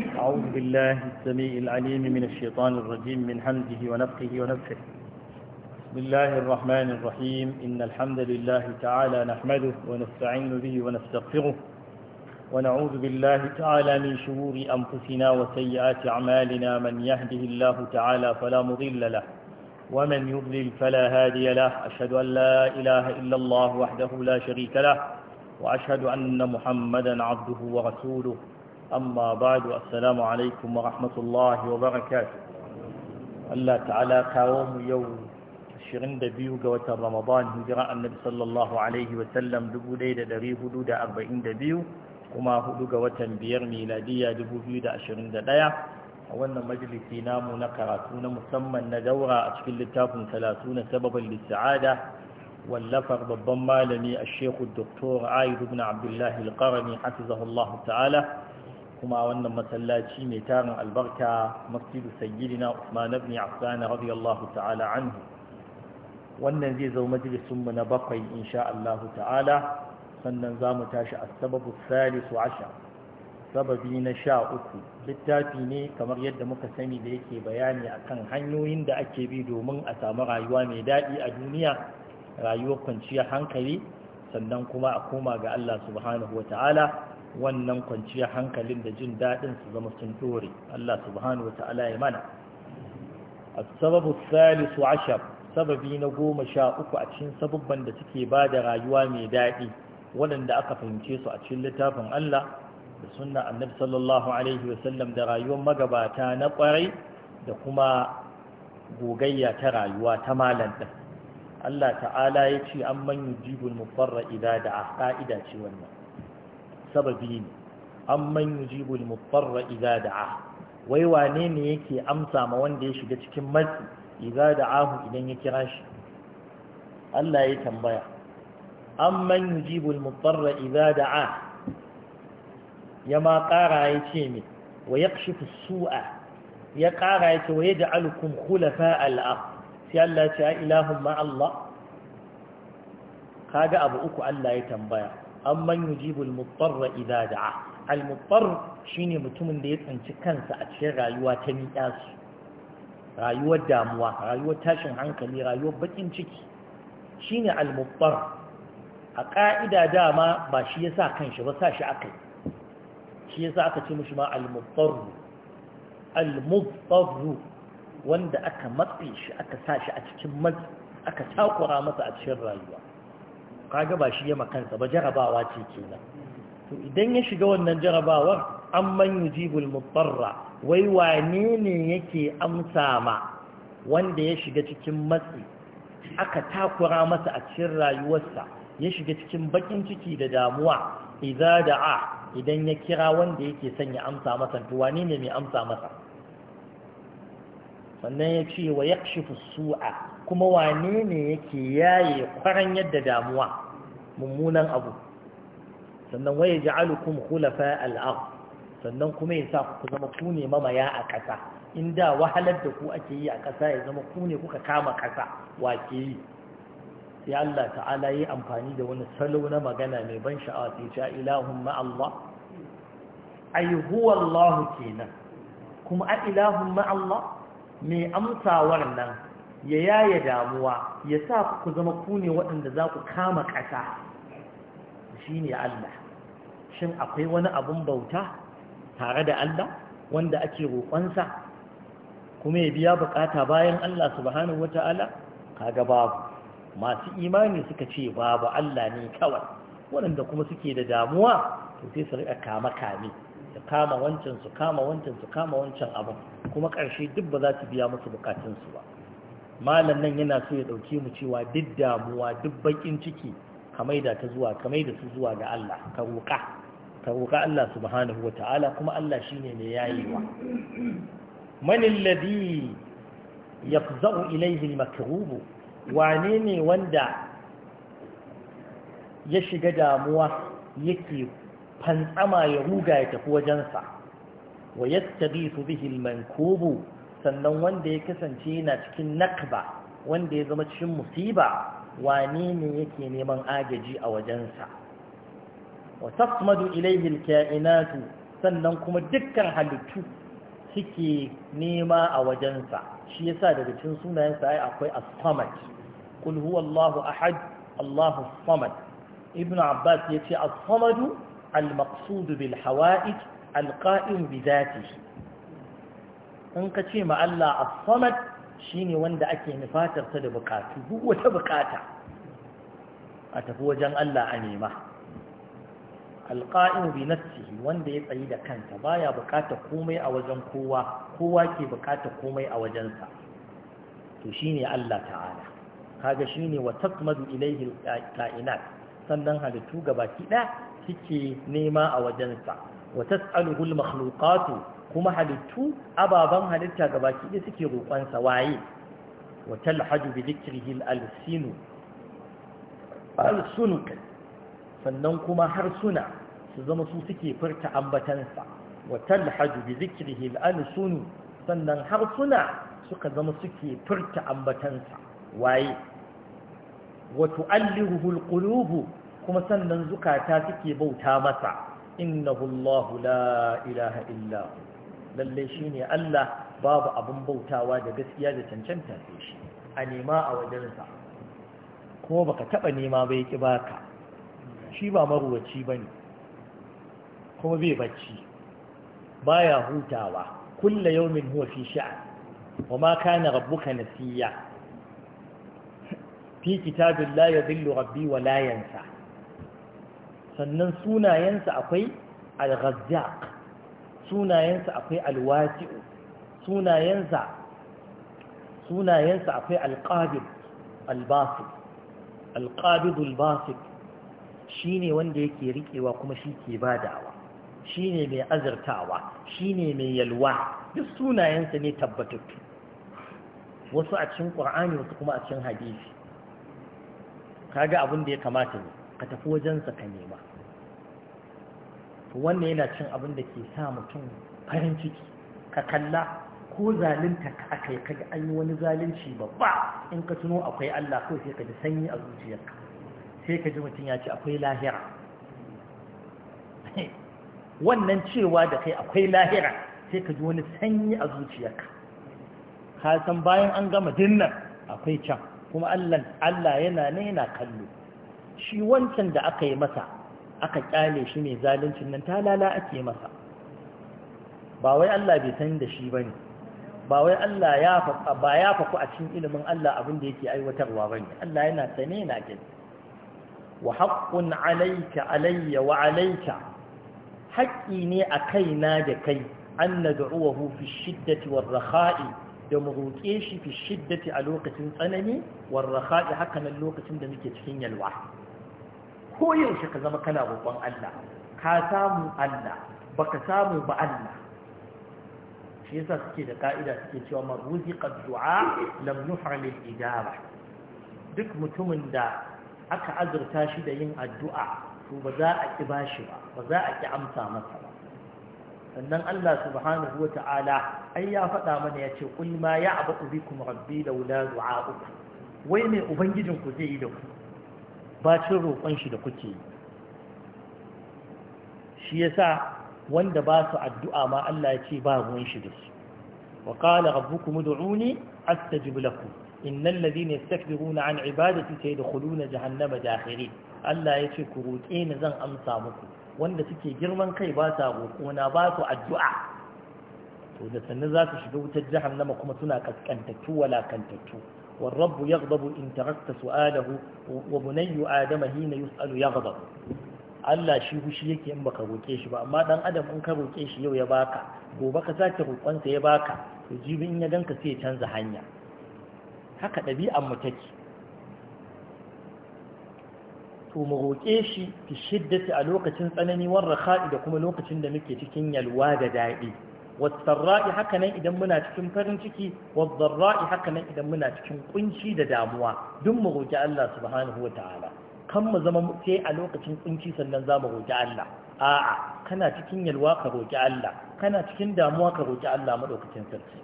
أعوذ بالله السميع العليم من الشيطان الرجيم من حمده ونفقه ونفخه بسم الله الرحمن الرحيم إن الحمد لله تعالى نحمده ونستعين به ونستغفره ونعوذ بالله تعالى من شرور أنفسنا وسيئات أعمالنا من يهده الله تعالى فلا مضل له ومن يضلل فلا هادي له أشهد أن لا إله إلا الله وحده لا شريك له وأشهد أن محمدا عبده ورسوله أما بعد السلام عليكم ورحمة الله وبركاته الله تعالى كاوم يوم شرين دبيو قوة رمضان هجراء النبي صلى الله عليه وسلم دبو ليلة دري هدود أربعين دبيو وما هدو قوة بير ميلادية دبو بيو دا شرين دايا وانا مجلسي نامو نكراتون مسمى ندورة أشكل لتاكم ثلاثون سببا للسعادة واللفر بالضمالني الشيخ الدكتور عايد بن عبد الله القرني حفظه الله تعالى kuma wannan masallaci mai tarin albarka masjidu sayyidina Usman ibn Affan radiyallahu ta'ala anhu wannan zai zama majalisun mu na bakwai insha Allah ta'ala sannan zamu tashi a sababu salisu asha sababi na sha uku littafi ne kamar yadda muka sani da yake bayani akan hanyoyin da ake bi domin a samu rayuwa mai daɗi a duniya rayuwar kwanciyar hankali sannan kuma a koma ga Allah subhanahu wa ta'ala wannan kwanciyar hankalin da jin daɗin su zama sun ɗore, Allah subhanahu ta'ala ya mana as-sababu Salisu ashar sababi na goma sha uku a cikin sababban da suke ba da rayuwa mai daɗi waɗanda aka fahimce su a cikin littafin Allah da sunna annabi sallallahu alaihi da rayuwar magabata na ƙwarai da kuma gogayya ta rayuwa ta malam ɗin Allah ta'ala ya ce an man yujibul mufarra idza a ka'ida ce wannan sababi ne amman yujibu al-mutarra idza da'a wai wane ne yake amsa ma wanda ya shiga cikin matsi idza da'ahu idan ya kira shi Allah ya tambaya amman yujibu al-mutarra idza da'a ya ma ƙara ya ce ne wa yakshifu su'a ya ƙara ya ce wa yaj'alukum khulafa al-ard sai Allah ya ce ilahun ma Allah kaga abu uku Allah ya tambaya An yujibul mutarra idza da'a al mutar shine mutumin da ya tsanci kansa a cikin rayuwa ta miƙa su rayuwar damuwa rayuwar tashin hankali rayuwar bakin ciki shine al mutar a ƙa'ida dama ba shi yasa kanshi ba sa shi yi. shi yasa aka ce mishi ma al mutar al mutar wanda aka matse shi aka sa shi a cikin matsi aka takura masa a cikin rayuwa kaga ba shi ya kansa ba jarabawa ce kenan to idan ya shiga wannan jarabawar an man yujibul mubarra wai wane ne yake amsa ma wanda ya shiga cikin matsi aka takura masa a cikin rayuwarsa ya shiga cikin bakin ciki da damuwa idza da'a idan ya kira wanda yake son ya amsa masa to wane ne mai amsa masa sannan ya ce wa yakshifu su'a kuma wane ne yake yaye kwaran yadda damuwa mummunan abu sannan waye ja'alukum khulafa al-ard sannan kuma yasa ku zama ku ne mamaya a ƙasa in da wahalar da ku ake yi a ƙasa ya zama ku ne kuka kama ƙasa wake yi sai Allah ta'ala yi amfani da wani salo na magana mai ban sha'awa sai ja ilahun ma'allah ai kenan kuma a ilahun ma'allah mai amsawar nan ya yaya damuwa ya sa ku zama ku ne waɗanda za ku kama ƙasa shi ne Allah shin akwai wani abin bauta tare da Allah wanda ake roƙonsa kuma ya biya bukata bayan Allah subhanahu wata'ala kaga babu masu imani suka ce babu Allah ne kawai waɗanda kuma suke da damuwa to sai su riƙa kama kame su kama wancan su kama wancan su kama wancan abin kuma ƙarshe duk ba za su biya musu buƙatunsu ba malam nan yana so ya dauke mu cewa duk damuwa duk bakin ciki kamai da ta zuwa kamai da su zuwa ga Allah ka roƙa ka roƙa Allah subhanahu wataala kuma Allah shine mai yayewa man alladhi yafza'u ilayhi al-makrub Wa ne wanda ya shiga damuwa yake fantsama ya ruga ya tafi wajensa wa yastabitu bihi al-mankubu sannan wanda ya kasance yana cikin nakba wanda ya zama cikin musiba wane ne yake neman agaji a wajensa wa tasmadu ilayhi alka'inatu sannan kuma dukkan halittu suke nema a wajensa shi yasa daga cikin sunayensa ai akwai as-samad qul huwallahu ahad as-samad ibn abbas yace as-samad al-maqsud bil hawa'ij al-qa'im bi in ka ce ma Allah as-samad shine wanda ake nufatarsa da bukatu duk wata bukata a tafi wajen Allah a nema alqa'im bi wanda ya tsayi da kanta baya bukata komai a wajen kowa kowa ke bukata komai a wajensa to ne Allah ta'ala kaga shine wa tasmadu ilayhi kainat sannan halittu gabaki ɗaya suke nema a wajensa wa tas'aluhu al-makhluqatu kuma halittu ababen halitta ga baki ɗaya suke roƙonsa waye wa talhaju bi dhikrihil alsinu alsunu sannan kuma har suna su zama su suke furta ambatansa wa talhaju bi dhikrihil alsunu sannan har suna suka zama suke furta ambatansa waye wa tu'allihu alqulubu kuma sannan zukata suke bauta masa innahu allah la ilaha illahu. lalle shine Allah babu abin bautawa da gaskiya da cancanta sai shi a nema a wajensa kuma baka taba nema ba yake baka shi ba maruwaci bane kuma bai bacci baya hutawa kulla yawmin huwa fi sha'an wa ma kana rabbuka nasiya fi kitabillahi yadhillu rabbi wa la yansa sannan sunayensa akwai al-ghazzaq sunayensa akwai alwasi'u sunayensa sunayensa akwai alqabid albasik alqabid albasik shine wanda yake rikewa kuma shi ke badawa shine mai azurtawa shine mai yalwa duk sunayensa ne tabbatattu wasu a cikin qur'ani wasu kuma a cikin hadisi kaga abin da ya kamata ne ka tafi wajensa ka nema wannan yana cin abin da ke sa mutum farin ciki ka kalla ko zalunta ka aka yi kaga an yi wani zalunci babba in ka tuno akwai Allah ko sai ka ji sanyi a zuciyarka sai ka ji mutum ya ce akwai lahira wannan cewa da kai akwai lahira sai ka ji wani sanyi a zuciyarka ka san bayan an gama dinnan akwai can kuma Allah yana ne yana kallo shi wancan da aka yi masa aka kyale shi mai zaluncin nan ta lala ake masa ba wai Allah bai san da shi bane ba wai Allah ya fa ba ya faku a cikin ilimin Allah abin da yake aiwatarwa bane Allah yana sane yana gani wa haqqun alayka alayya wa alayka haqqi ne a kaina da kai an nad'uhu fi shiddati war rakha'i da mu roƙe shi fi shiddati a lokacin tsanani war rakha'i haka lokacin da muke cikin yalwa koyaushe ka zama kana babban Allah ka samu Allah baka samu ba Allah shi yasa suke da ka'ida suke cewa man ruziqa du'a lam yuhram al-ijaba duk mutumin da aka azurta shi da yin addu'a to ba za a ki bashi ba ba za a ki amsa masa ba sannan Allah subhanahu wata'ala ai ya faɗa mana ya ce qul ma ya'budu bikum rabbi laula du'a'ukum wai me ku zai yi da ku bacin roƙon shi da kuke yi shi yasa wanda ba su addu'a ma Allah ya ce ba ruwan shi da su wa qala rabbukum ud'uni astajib lakum innal ladhina runa an kulu na jahannama dakhirin Allah ya ce ku roƙe ni zan amsa muku wanda suke girman kai ba sa roƙona ba su addu'a to da sannan za su shiga wutar nama kuma suna kaskantattu walakantattu والرب يغضب إن تركت سؤاله وبني آدم حين يسأل يغضب Allah shi shi yake in baka roke shi ba amma dan adam in ka roke shi yau ya baka gobe ka sake roƙonsa ya baka to jibi in ya ganka sai ya canza hanya haka ɗabi'an mu take to mu roƙe shi fi shiddati a lokacin tsanani warra da kuma lokacin da muke cikin yalwa da daɗi wasarra'i haka nan idan muna cikin farin ciki wadarra'i haka nan idan muna cikin kunci da damuwa duk mu roƙi Allah subhanahu wataala kan mu zama sai a lokacin kunci sannan za mu roƙi Allah a'a kana cikin yalwa ka roƙi Allah kana cikin damuwa ka roƙi Allah madaukakin sarki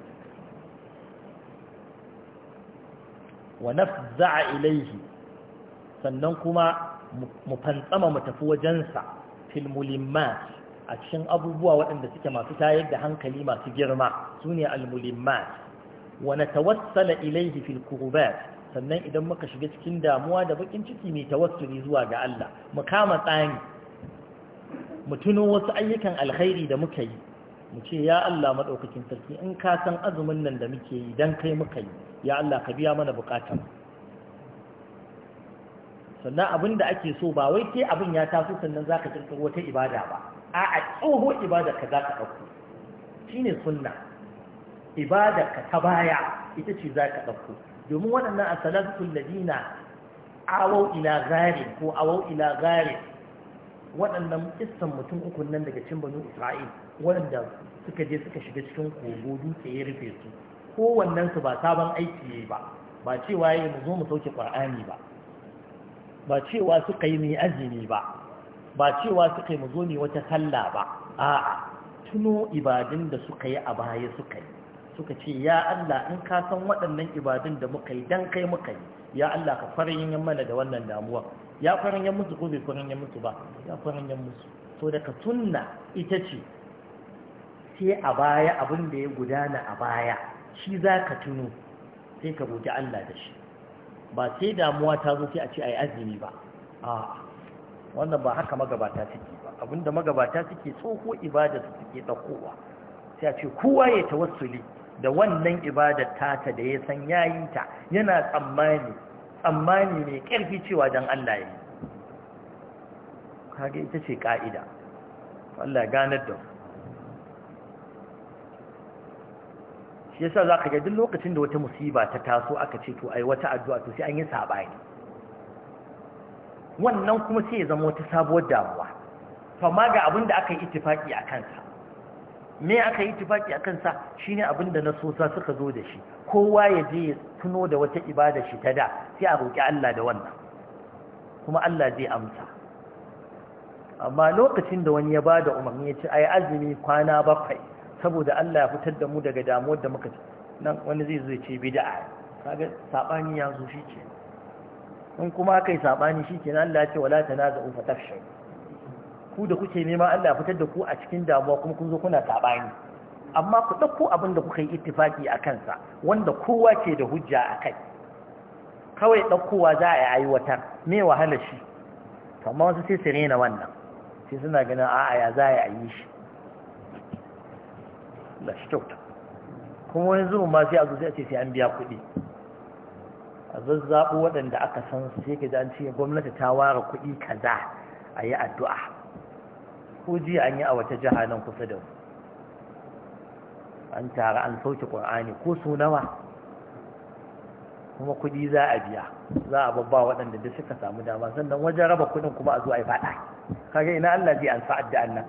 wa nafza'a ilayhi sannan kuma mu fantsama mu tafi wajensa fil mulimmat a cikin abubuwa waɗanda suke masu tayar da hankali masu girma su ne al-mulimmat wa tawassala ilaihi fil kurubat sannan idan muka shiga cikin damuwa da bakin ciki mai tawassuli zuwa ga Allah mu kama tsani mu tuno wasu ayyukan alkhairi da muka yi mu ce ya Allah madaukakin sarki in ka san azumin nan da muke yi dan kai muka yi ya Allah ka biya mana bukatun sannan abin da ake so ba wai ke abin ya taso sannan za ka wata ibada ba a a tsohon ibada ka za ka ɗauko shi ne sunna ibada ka ta baya ita ce za ka ɗauko domin waɗannan a salatul ladina awau ila gari ko awau ila gari waɗannan kissan mutum uku nan daga cin banu isra'il waɗanda suka je suka shiga cikin kogo dutse ya rufe su kowannensu ba sabon aiki ya yi ba ba cewa ya mu zo mu sauke ƙwar'ani ba ba cewa suka yi mai azumi ba ba cewa suka yi mazo ne wata sallah ba a'a tuno ibadun da suka yi a baya suka yi suka ce ya Allah in ka san waɗannan ibadun da muka yi dan kai muka yi ya Allah ka farin mana da wannan damuwa ya farin yin musu ko bai farin musu ba ya farin yin musu to daga sunna ita ce sai a baya abin da ya gudana a baya shi za ka tuno sai ka roƙi Allah da shi ba sai damuwa ta zo sai a ce a yi azumi ba a wannan ba haka magabata suke ba abinda magabata suke tsoho ibada su suke ɗaukowa sai a ce kowa ya tawassuli da wannan ibadar tata da ya san yayi ta yana tsammani tsammani mai ƙarfi cewa don Allah ya yi kage ita ce ƙa'ida Allah ya ganar da mu shi yasa za ka ga duk lokacin da wata musiba ta taso aka ce to ai wata addu'a to sai an yi saɓani wannan kuma sai ya zama wata sabuwar damuwa fama ga abin da aka yi itifaki a kansa me aka yi itifaki a kansa shine abin da sosa suka zo da shi kowa ya je ya tuno da wata ibada shi ta da sai a roƙi Allah da wannan kuma Allah zai amsa amma lokacin da wani ya ba da umarni ya ce ai azumi kwana bakwai saboda Allah ya fitar da mu daga damuwar da muka nan wani zai zo ce bid'a kaga sabani ya zo shi ce. in kuma kai sabani shi ke Allah ya ce wala fa fatafshalu ku da kuke nema Allah ya fitar da ku a cikin damuwa kuma kun zo kuna sabani amma ku ɗauko abin da kuka yi ittifaki a kansa wanda kowa ke da hujja a kai kawai ɗaukowa za a yi aiwatar me wahala shi kamar wasu sai su rena wannan sai suna ganin a'a ya za a yi shi Allah shi kyauta kuma wani zubin ma sai a zuciya ce sai an biya kuɗi a zazzaɓo waɗanda aka san sai ka an ce gwamnati ta ware kuɗi kaza a yi addu'a ko jiya an yi a wata jiha nan kusa da mu an tara an sauke ƙwar'ani ko su nawa kuma kuɗi za a biya za a babba waɗanda da suka samu dama sannan wajen raba kuɗin kuma a zo ya faɗa kage ina Allah zai an sa'ad da annan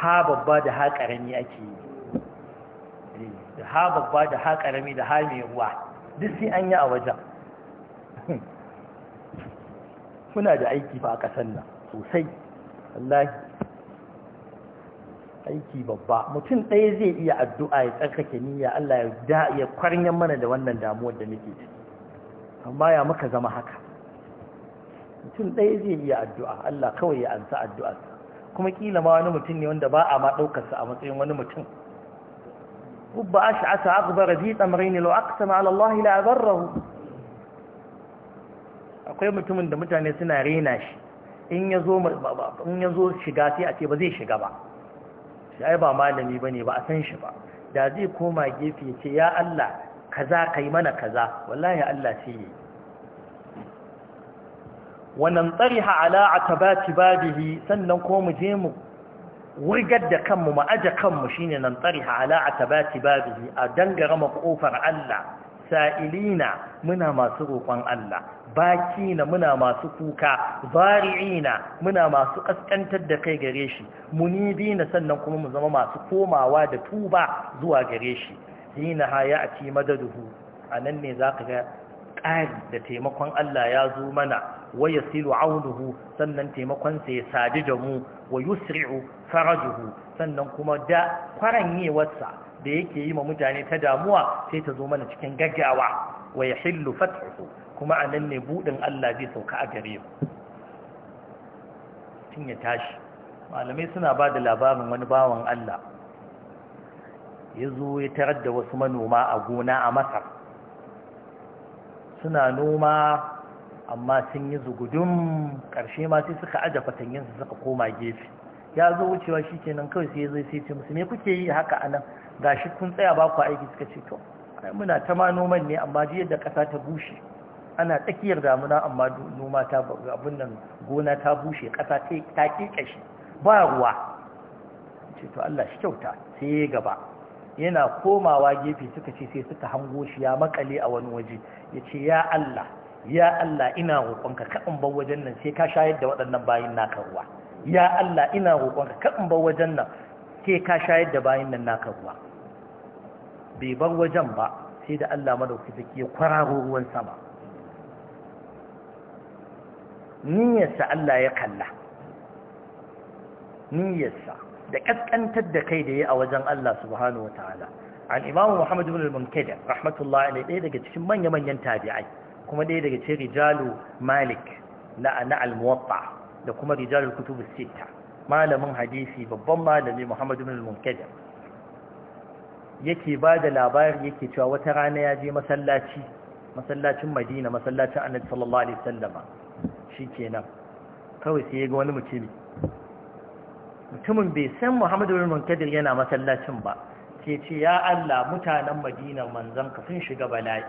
ha babba da ha ƙarami ake yi da ha babba da ha ƙarami da ha mai ruwa duk sai an yi a wajen muna da aiki fa a ƙasar nan sosai wallahi aiki babba mutum ɗaya zai iya addu'a ya tsarkake niyya Allah ya ya kwarnyar mana da wannan damuwar da muke amma ya muka zama haka mutum ɗaya zai iya addu'a Allah kawai ya ansa addu'arsa kuma kila ma wani mutum ne wanda ba a ma ɗaukarsa a matsayin wani mutum rubba a asa akbar bi tsamrain lo aka ala Allah la rahu akwai mutumin da mutane suna rena shi in ya zo shiga sai a ce ba zai shiga ba shi ai ba malami ne ba a san shi ba da zai koma gefe ya ce ya Allah kaza kai mana kaza wallahi Allah sai yi wannan tsariha ala atabati babihi sannan ko mu je mu wurgar da kanmu mu aje kanmu shine nan tsariha ala atabati babihi a dangara ƙofar kofar Allah sa'ilina muna masu roƙon Allah bakina muna masu kuka zari'ina muna masu ƙasƙantar da kai gare shi munibina sannan kuma mu zama masu komawa da tuba zuwa gare shi hina haya a ci madaduhu a nan ne za ka ga ƙari da taimakon Allah ya zo mana wa yasilu aunuhu sannan taimakon sa ya sadu da mu wa yusri'u farajuhu sannan kuma da kwaranyewarsa da yake yi ma mutane ta damuwa sai ta zo mana cikin gaggawa wa yahillu fathuhu kuma anan ne budin Allah zai sauka a gare mu tun ya tashi malamai suna ba da labarin wani bawan Allah ya zo ya tarar da wasu manoma a gona a masar suna noma amma sun yi zugudun ƙarshe ma sai suka aje su suka koma gefe ya zo wucewa shi kenan kawai sai zai sai ce musu me kuke yi haka anan shi kun tsaya ba ku aiki suka ce to ai muna ta ma noman ne amma ji yadda ƙasa ta bushe ana tsakiyar damuna amma noma ta abin nan gona ta bushe ƙasa ta ƙashi ba ruwa ce to Allah shi kyauta sai gaba yana komawa gefe suka ce sai suka hango shi ya makale a wani waje ya ce ya Allah ya Allah ina roƙonka ka in bar wajen nan sai ka shayar da waɗannan bayin naka ruwa ya Allah ina roƙonka ka in bar wajen nan sai ka shayar da bayin nan naka ruwa bai bar wajen ba sai da Allah madauki take kwararo ruwan sama niyyarsa Allah ya kalla niyyarsa da kaskantar da kai da yi a wajen Allah subhanahu wataala an imamu Muhammadu bin al-Munkadir rahmatullahi alayhi daga cikin manya-manyan tabi'ai kuma ɗaya daga ce rijalu malik na al-muwatta da kuma rijalul kutubu sita malamin hadisi babban malami muhammadu bin munkadir yake ba da labari yake cewa wata rana ya je masallaci masallacin madina masallacin annabi sallallahu alaihi wasallama shikenan kawai sai ya ga wani mutumi mutumin bai san muhammadu bin munkadir yana masallacin ba sai ce ya Allah mutanen madina manzon kafin shiga bala'i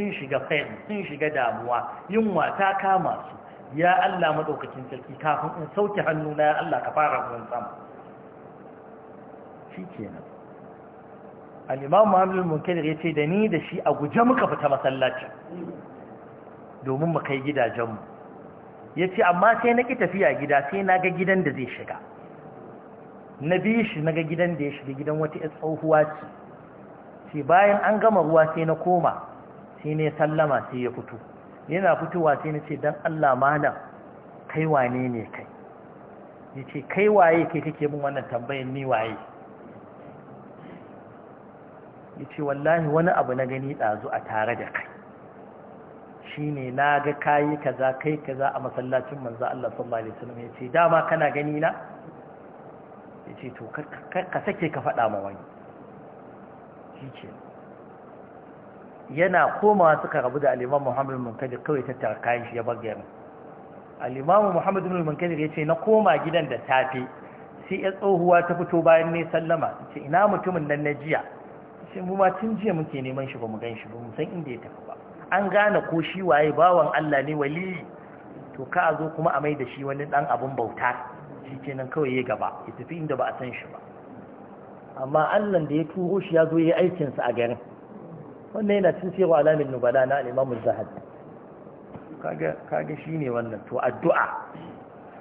sun shiga fahim sun shiga damuwa yin wata kama su ya Allah maɗaukacin sarki kafin in sauke hannu na ya Allah ka fara ruwan sama shi kenan al-imam Muhammad Munkadir yace da ni da shi a guje muka fita masallaci domin mu kai gidajenmu yace amma sai na ki tafiya gida sai na ga gidan da zai shiga na bi shi na ga gidan da ya shiga gidan wata tsohuwa ce sai bayan an gama ruwa sai na koma sai ne sallama sai ya fito yana fitowa sai na ce don Allah malam kai wane ne kai ya ce kai waye kai kake min wannan tambayin ni waye ya ce wallahi wani abu na gani ɗazu a tare da kai shi ne na ga kayi kaza kai kaza a masallacin manzo Allah sallallahu alaihi wasallam ya ce dama kana gani na ya ce to ka sake ka faɗa ma wani shi yana komawa suka rabu da Alimamu muhammadu munkadir kawai ta tarkayin shi ya bar garin Alimamu muhammadu munkadir ya ce na koma gidan da tafi sai ya tsohuwa ta fito bayan ne sallama ce ina mutumin nan na jiya sai mu ma jiya muke neman shi ba mu gan shi ba mu san inda ya tafi ba an gane ko shi waye bawan Allah ne wali to ka a zo kuma a mai da shi wani dan abun bauta shi nan kawai ya gaba ya tafi inda ba a san shi ba amma Allah da ya turo shi ya zo ya yi aikinsa a garin wannan yana cin cewa alamin nubala na al'imamu zahabi kaga shi ne wannan to addu'a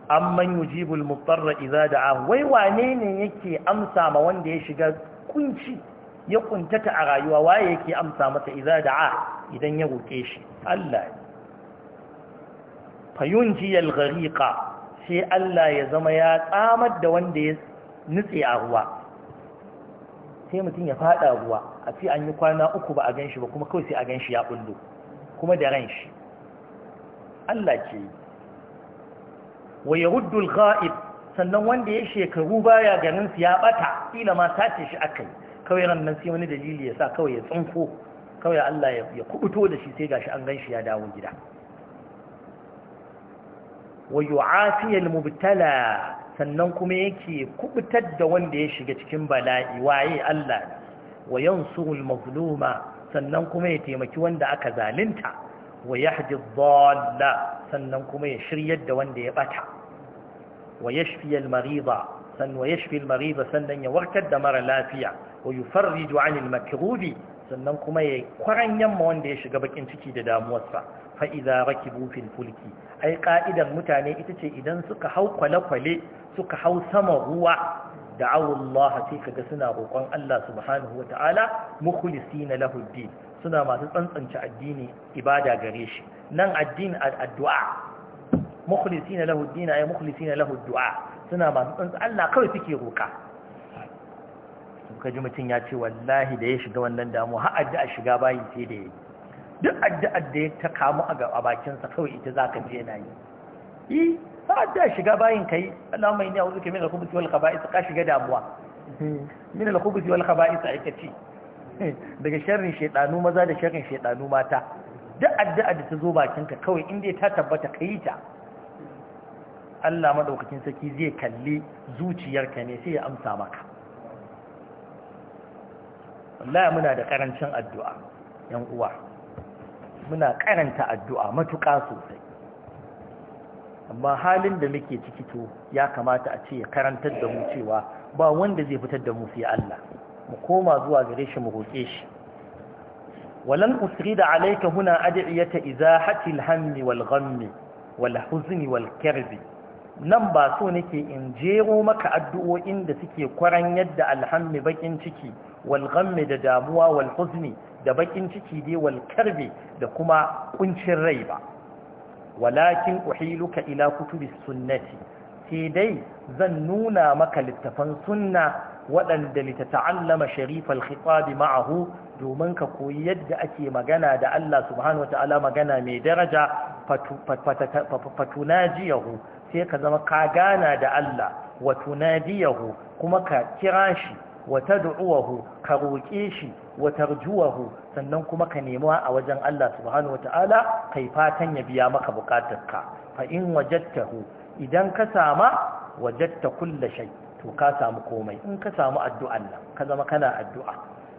amman yujibul mutarra idza da'a wai wane ne yake amsa ma wanda ya shiga kunci ya kuntata a rayuwa waye yake amsa masa idza da'a idan ya roke shi Allah fayunji al sai Allah ya zama ya tsamar da wanda ya nutse a ruwa sai mutum ya fada ruwa a ce an yi kwana uku ba a gan shi ba kuma kawai sai a gan shi ya bullo kuma da ran shi Allah ke yi wa ya sannan wanda ya shekaru baya ganin su ya bata ila ma tace shi akai kawai ran nan sai wani dalili ya sa kawai ya tsinko kawai Allah ya kubuto da shi sai gashi an gan shi ya dawo gida wa yu'afiyal mubtala sannan kuma yake kubutar da wanda ya shiga cikin bala'i waye Allah ne wa yansuru al-mazluma sannan kuma ya taimaki wanda aka zalunta wa yahdi dhalla sannan kuma ya shiryar da wanda ya bata wa yashfi al-mariida wa yashfi al-mariida sannan ya warkar da mara lafiya wa yufarriju 'anil makrubi sannan kuma ya kwaran yamma wanda ya shiga bakin ciki da damuwarsa fa idza rakibu fil fulki ai ka'idar mutane ita ce idan suka hau kwale-kwale suka hau sama ruwa da'awullah sai kaga suna roƙon Allah subhanahu wa ta'ala mukhlisina lahu din suna masu tsantsance addini ibada gare shi nan addini addu'a mukhlisina lahu din ay mukhlisina lahu du'a suna masu tsantsance Allah kawai suke roƙa ka ji mutum ya ce wallahi da ya shiga wannan damu har addu'a shiga bayin sai da yayi duk addu'ar da ya ta kamu a bakinsa kawai ita za ka je na yi ba da shiga bayin kai Allah mai ne auzuka min al-khubuthi wal khaba'ith ka shiga damuwa min al-khubuthi wal khaba'ith aikaci daga sharrin shaitanu maza da sharrin shaitanu mata duk addu'a da ta zo bakin ka kawai inda ta tabbata kai ta Allah madaukakin saki zai kalli zuciyarka ne sai ya amsa maka wallahi muna da karancin addu'a yan uwa muna karanta addu'a matuƙa sosai amma halin da muke ciki to ya kamata a ce ya karantar da mu cewa ba wanda zai fitar da mu sai Allah mu koma zuwa gare shi mu roƙe shi walan usrida alayka huna ad'iyata izahati alhammi wal ghammi wal huzni nan ba so nake in jero maka addu'o'in da suke kwaran yadda alhammi bakin ciki wal da damuwa walhuzni da bakin ciki dai walkarbi da kuma kuncin rai ba walakin uhiluka ila kutubi sunnati sai dai zan nuna maka littafan sunna waɗanda litata'allama sharifal khitabi ma'ahu domin ka koyi yadda ake magana da Allah subhanahu wataala magana mai daraja fatunajiyahu sai ka zama ka gana da Allah wa tunadiyahu kuma ka kira shi wa tad'uwahu ka roƙe shi wa sannan kuma ka nema a wajen Allah subhanahu wata'ala kai fatan ya biya maka bukatarka fa in wajadtahu idan ka sama wajadta kulla shay to ka samu komai in ka samu addu'an nan ka zama kana addu'a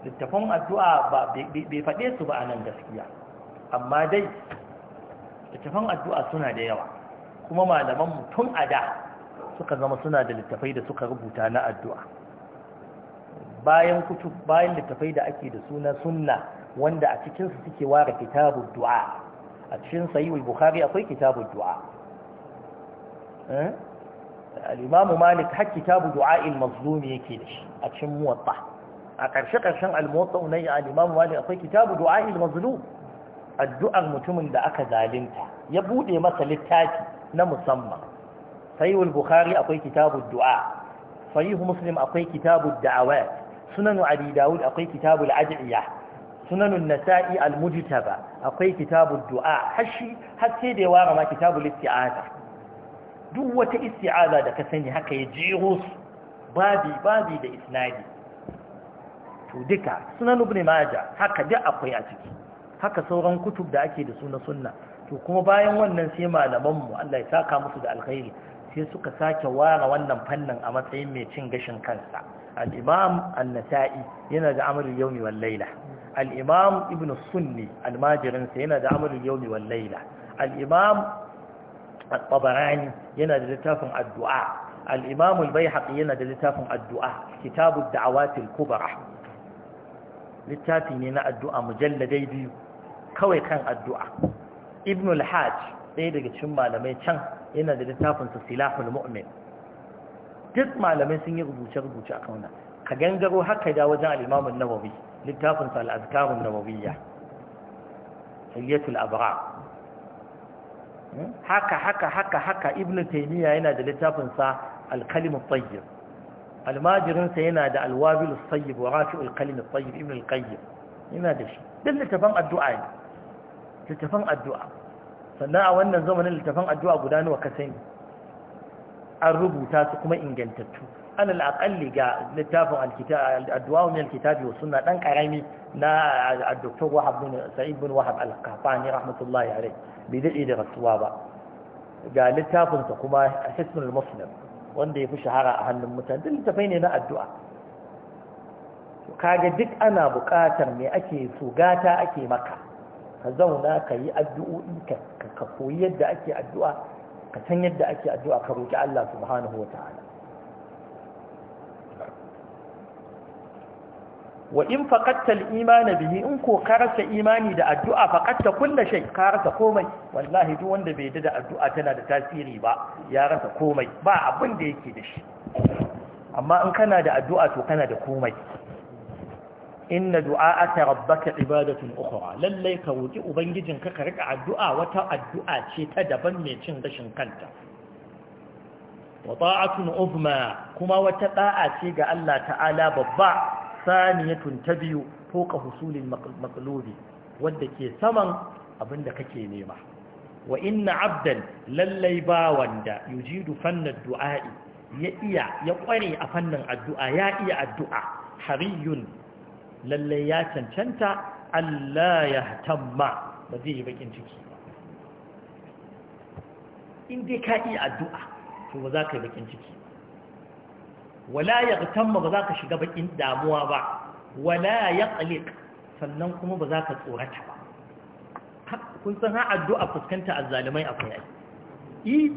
littafin addu'a ba bai faɗe su ba a nan gaskiya amma dai littafin addu'a suna da yawa kuma malaman mutum a da suka zama suna da littafai da suka rubuta na addu'a bayan kutub bayan littafai da ake da suna sunna wanda a cikinsu suke ware kitabun du'a a cikin sahihul bukhari akwai kitabun du'a eh? al-imamu malik har kitabu du'a'il mazlumi yake da shi a cikin muwatta a karshe karshen al-muwatta ne al-imamu malik akwai kitabu du'a'il mazlum addu'ar mutumin da aka zalunta ya bude masa littafi na musamman sahihul bukhari akwai kitabu du'a sahih muslim akwai kitabu da'awat sunanu abi dawud akwai kitabul adiya sunanun nasa'i al-mujtaba akwai kitabul du'a hashi har sai da ya ware ma kitabul isti'aza duk wata isti'aza da ka sani haka ya jero su babi babi da isnadi to duka sunan ibn majah haka duk akwai a ciki haka sauran kutub da ake da su na sunna to kuma bayan wannan sai malaman mu Allah ya saka musu da alkhairi sai suka sake ware wannan fannin a matsayin mai cin gashin kansa al-imam nasai yana da amalul yawmi wal layla Al'imam ibn sunni al yana da amalul yawmi wal layla al-imam yana da littafin addu'a al baihaqi yana da littafin addu'a kitabud da'awat al-kubra littafi ne na addu'a mujalladai biyu kawai kan addu'a ibn al-hajj ɗaya daga cikin malamai can yana da littafinsa silahul mu'min duk malamai sun yi rubuce-rubuce a kauna ka gangaro haka da wajen al'imamun nawawi littafinsa al'azkarun nawawiyya hilyatul abra hmm? haka haka haka haka ibn taymiya yana da littafinsa al-kalimu tayyib almajirinsa yana da alwabilu tayyib wa rafi'ul kalimu tayyib ibn al-qayyim yana da shi duk littafin addu'a ne littafin addu'a sannan a wannan zamanin littafan addu'a guda nawa ka sani an rubuta su kuma ingantattu ana al'aƙalli ga littafin addu'a min alkitabi wasu na ɗan ƙarami na dr wahab sa'id bin wahab al-kafani rahmatullahi alai bai daɗe da rasuwa ba ga littafinsa kuma hisnul muslim wanda ya fi shahara a hannun mutane duk littafai ne na addu'a kaga duk ana buƙatar me ake so gata ake maka ka zauna ka yi addu'o'i ka koyi yadda ake addu'a ka san yadda ake addu'a ka roƙi Allah subhanahu wa ta'ala wa in faqatta al bihi in ko rasa imani da addu'a faqatta shai ka rasa komai wallahi duk wanda bai yadda da addu'a tana da tasiri ba ya rasa komai ba abin da yake da shi amma in kana da addu'a to kana da komai inna du'a'aka rabbaka ibadatun ukhra lallai ka roki ubangijin ka ka rika addu'a wata addu'a ce ta daban mai cin gashin kanta wa ta'atun uzma kuma wata da'a ce ga Allah ta'ala babba saniyatun tabiyu fawqa husulil maqlubi wanda ke saman abinda kake nema wa inna abdan lallai ba wanda yujidu fanna du'a'i ya iya ya kware a fannin addu'a ya iya addu'a hariyun lalle ya cancanta Allah ya tamma ba zai yi bakin ciki in dai ka iya addu'a to ba za ka yi bakin ciki wala ya tamma ba za ka shiga bakin damuwa ba wala ya qaliq sannan kuma ba za ka tsorata ba kun san ha addu'a fuskanta a azzalimai akwai ai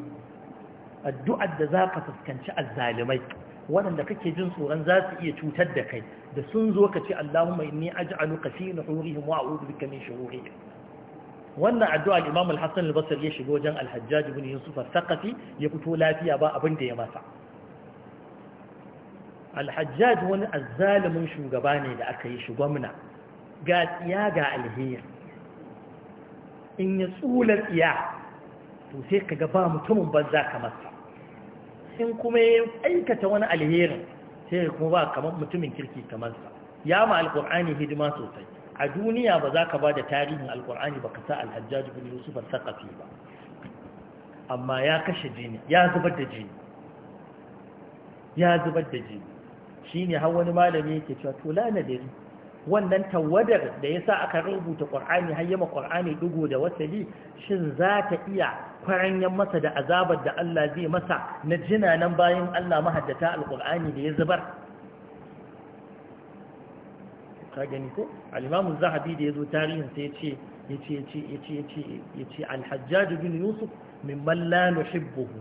addu'ar da za ka fuskanci azzalimai waɗanda kake jin tsoron za su iya cutar da kai da sun zo ka ce Allahumma inni aj'aluka fi nuhurihim wa a'udhu bika min shururihim wannan addu'a imam al-Hasan al-Basri ya shigo wajen al-Hajjaj ibn Yusuf al-Thaqafi ya fito lafiya ba abin da ya masa al-Hajjaj wani azzalimin shugaba ne da aka yi shi gwamna ga tsiya ga alheri in ya tsular tsiya to sai kaga ba mutumin banza kamar sa in kuma ya aikata wani alherin sai kuma ba kamar mutumin kirki kamar sa ya ma alqur'ani hidima sosai a duniya ba za ka ba da tarihin alqur'ani ba ka sa alhajjaj bin yusuf al-saqafi ba amma ya kashe jini ya zubar da jini ya zubar da jini shine har wani malami yake cewa to la nadari wannan tawadar da yasa aka rubuta qur'ani har yama qur'ani dugo da wasali shin za ta iya kwaranyan masa da azabar da Allah zai masa na jinanan bayan Allah mahaddata alƙur'ani da ya zubar ka gani ko alimamun zahabi da ya zo tarihin sai ya ce alhajjaju bin yusuf min mallanu shibbuhu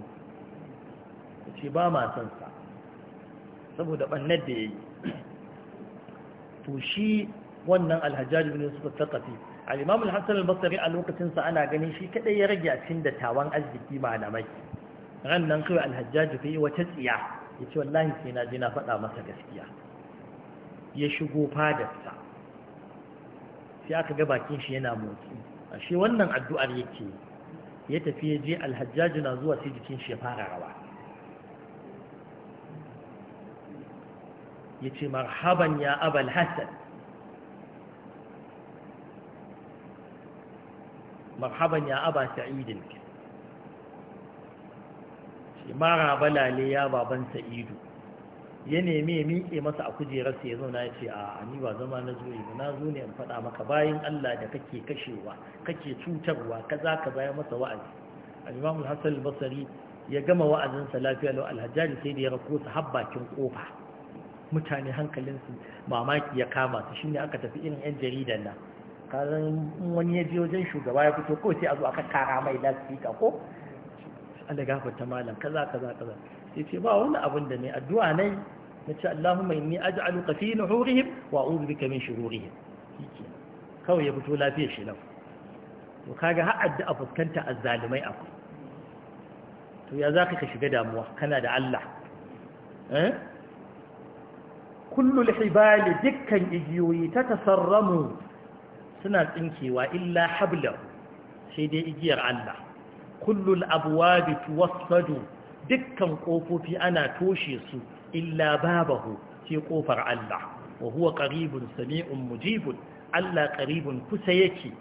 ya ce ba sansa? saboda ɓannar da ya yi to shi wannan alhajjaju bin yusuf ta tafi al Hassan al-hasan a lokacin sa ana ganin shi kadai ya rage a cikin dattawan arziki malamai ran nan kai Alhajjaji hajjaj wata tsiya ce wallahi sai na je na faɗa masa gaskiya ya shigo fadarsa sai aka ga bakin shi yana motsi ashe wannan addu'ar yake ya tafi ya je Alhajjaji na zuwa sai jikin shi ya fara rawa yace marhaban ya abal Hassan. marhaban ya aba sa'idin shi mara balale ya baban sa'idu ya nemi ya miƙe masa a kujerarsa ya zauna ya ce a ni ba zama na zo ba na zo ne in faɗa maka bayan Allah da kake kashewa kake cutarwa kaza kaza ya masa wa'azi al-Imam al ya gama wa'azinsa lafiya lau al sai da ya rako sa har bakin kofa mutane hankalinsu mamaki ya kama su shine aka tafi irin yan jaridan nan kazan wani ya biyo wajen shugaba ya fito kawai sai a zo aka kara mai lasfika ko Allah gafarta malam kaza kaza kaza sai ce ba wani abin da ne addu'a ne na ce Allahumma inni aj'alu qafi nuhurihim wa a'udhu bika min shururihim shike kawai ya fito lafiya shi lau to kaga har addu'a fuskanta azzalimai akwai to ya zaka ka shiga damuwa kana da Allah eh kullul hibali dukkan igiyoyi ta tasarramu suna tsinkewa illa habla sai dai igiyar Allah kullul abwabi tuwassadu dukkan kofofi ana toshe su illa babahu sai ƙofar Allah wa huwa qaribun sami'un mujibun Allah qaribun kusa yake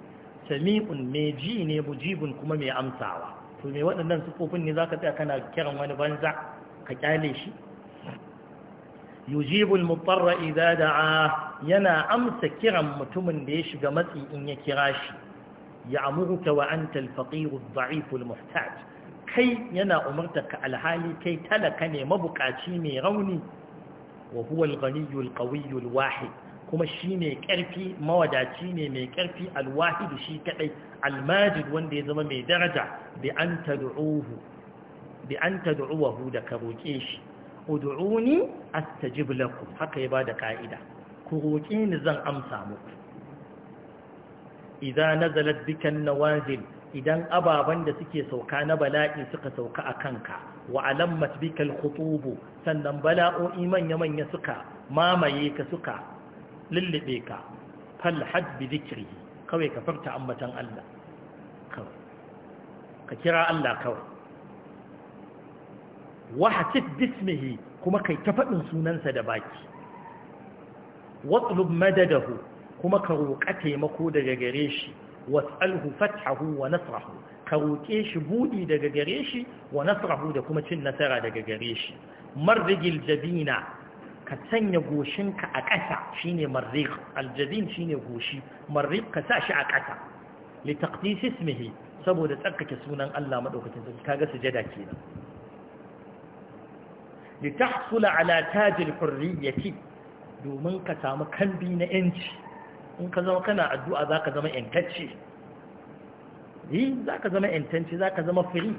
sami'un mai ji ne mujibun kuma mai amsawa to me waɗannan sufofin ne za ka tsaya kana kiran wani banza ka ƙyale shi yujibul mutarra idza da'a yana amsa kiran mutumin da ya shiga matsi in ya kira shi ya amurka wa an talfaƙiru da'iful muhtaj kai yana umarta ka alhali kai talaka ne mabukaci mai rauni wa huwa al-ghaniyyu wahid kuma shi mai ƙarfi mawadaci ne mai ƙarfi al shi kadai al wanda ya zama mai daraja bi an tad'uhu da ka roƙe shi udu'uni astajib lakum haka ya da ƙa'ida. ku roƙe ni zan amsa muku idza nazalat bikan nawazil idan ababan da suke sauka na bala'i suka sauka a kanka wa alammat bikal khutubu sannan bala'o'i manya-manya suka mamaye ka suka lullube ka fal hajj bi zikri kawai ka farta ambatan Allah kawai ka kira Allah kawai wa hatif bismihi kuma kai ta faɗin sunansa da baki watlub madadahu kuma ka roƙa taimako daga gare shi was'alhu fathahu wa nasrahu ka roƙe shi buɗi daga gare shi wa nasrahu da kuma cin nasara daga gare shi marrigil jabina ka sanya goshinka a ƙasa shine marrig aljabin shine goshi marrig ka sa shi a ƙasa li taqdis ismihi saboda tsarkake sunan Allah madaukakin sarki kaga sujada kenan li tahsula ala tajil hurriyyati domin ka samu kambi na yanci in ka zama kana addu'a za ka zama yantacce yi eh, za ka zama yantacce za ka zama firi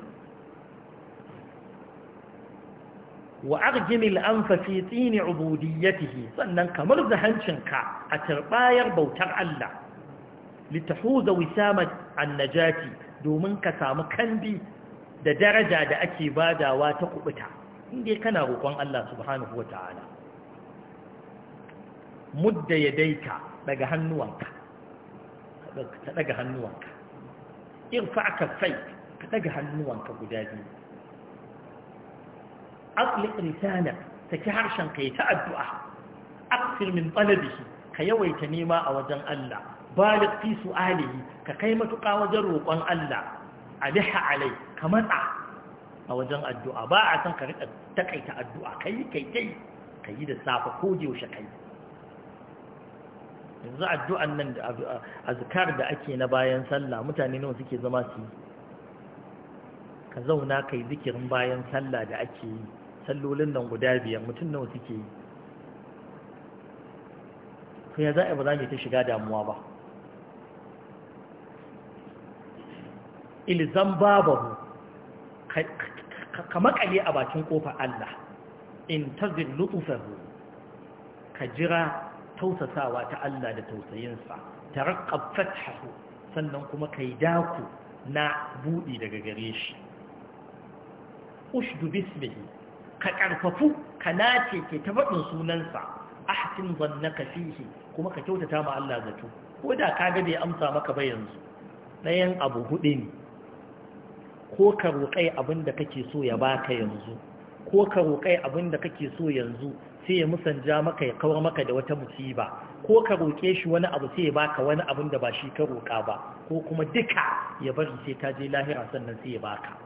wa arjimil an fafi tsini ubudiyyatihi sannan kamar da hancinka a tarbayar bautar Allah litahuza wisamar annajati domin ka samu kandi da daraja da ake badawa ta kubuta inda kana roƙon Allah subhanahu wa ta'ala mudda ya daika daga hannuwanka ka daga hannuwanka irfa aka fai ka daga hannuwanka guda biyu asli irisana ta ki harshenka ya ta addu’a aksir min tsanadishi ka yawaita nema a wajen Allah ba da fisu alihi ka kai matuƙa wajen roƙon Allah a liha alai ka matsa a wajen addu’a ba a san ka riƙa taƙaita addu’a kai kai kai kai da safa ko yaushe kai yanzu addu'an nan da azkar da ake na bayan sallah mutane nawa suke zama su ka zauna ka yi zikirin bayan sallah da ake yi sallolin nan guda biyar mutum nawa suke yi to ya za ba za mu ta shiga damuwa ba ilizan babu ka makale a bakin kofar Allah in tazir lutufahu ka jira tausasawa ta Allah da tausayinsa ta fathahu sannan kuma kai daku na budi daga gare shi ushdu bismihi ka karfafu ka nace ke ta faɗin sunansa ahsin zannaka fihi kuma ka kyautata ma Allah zato ko da ka ga bai amsa maka ba yanzu ɗayan abu hudu ne ko ka roƙai abin kake so ya baka yanzu ko ka roƙai abin da kake so yanzu sai ya musanja maka ya kawar maka da wata musiba ko ka roƙe shi wani abu sai ya baka wani abun da ba shi ka roƙa ba ko kuma duka ya bari sai ta je lahira sannan sai ya baka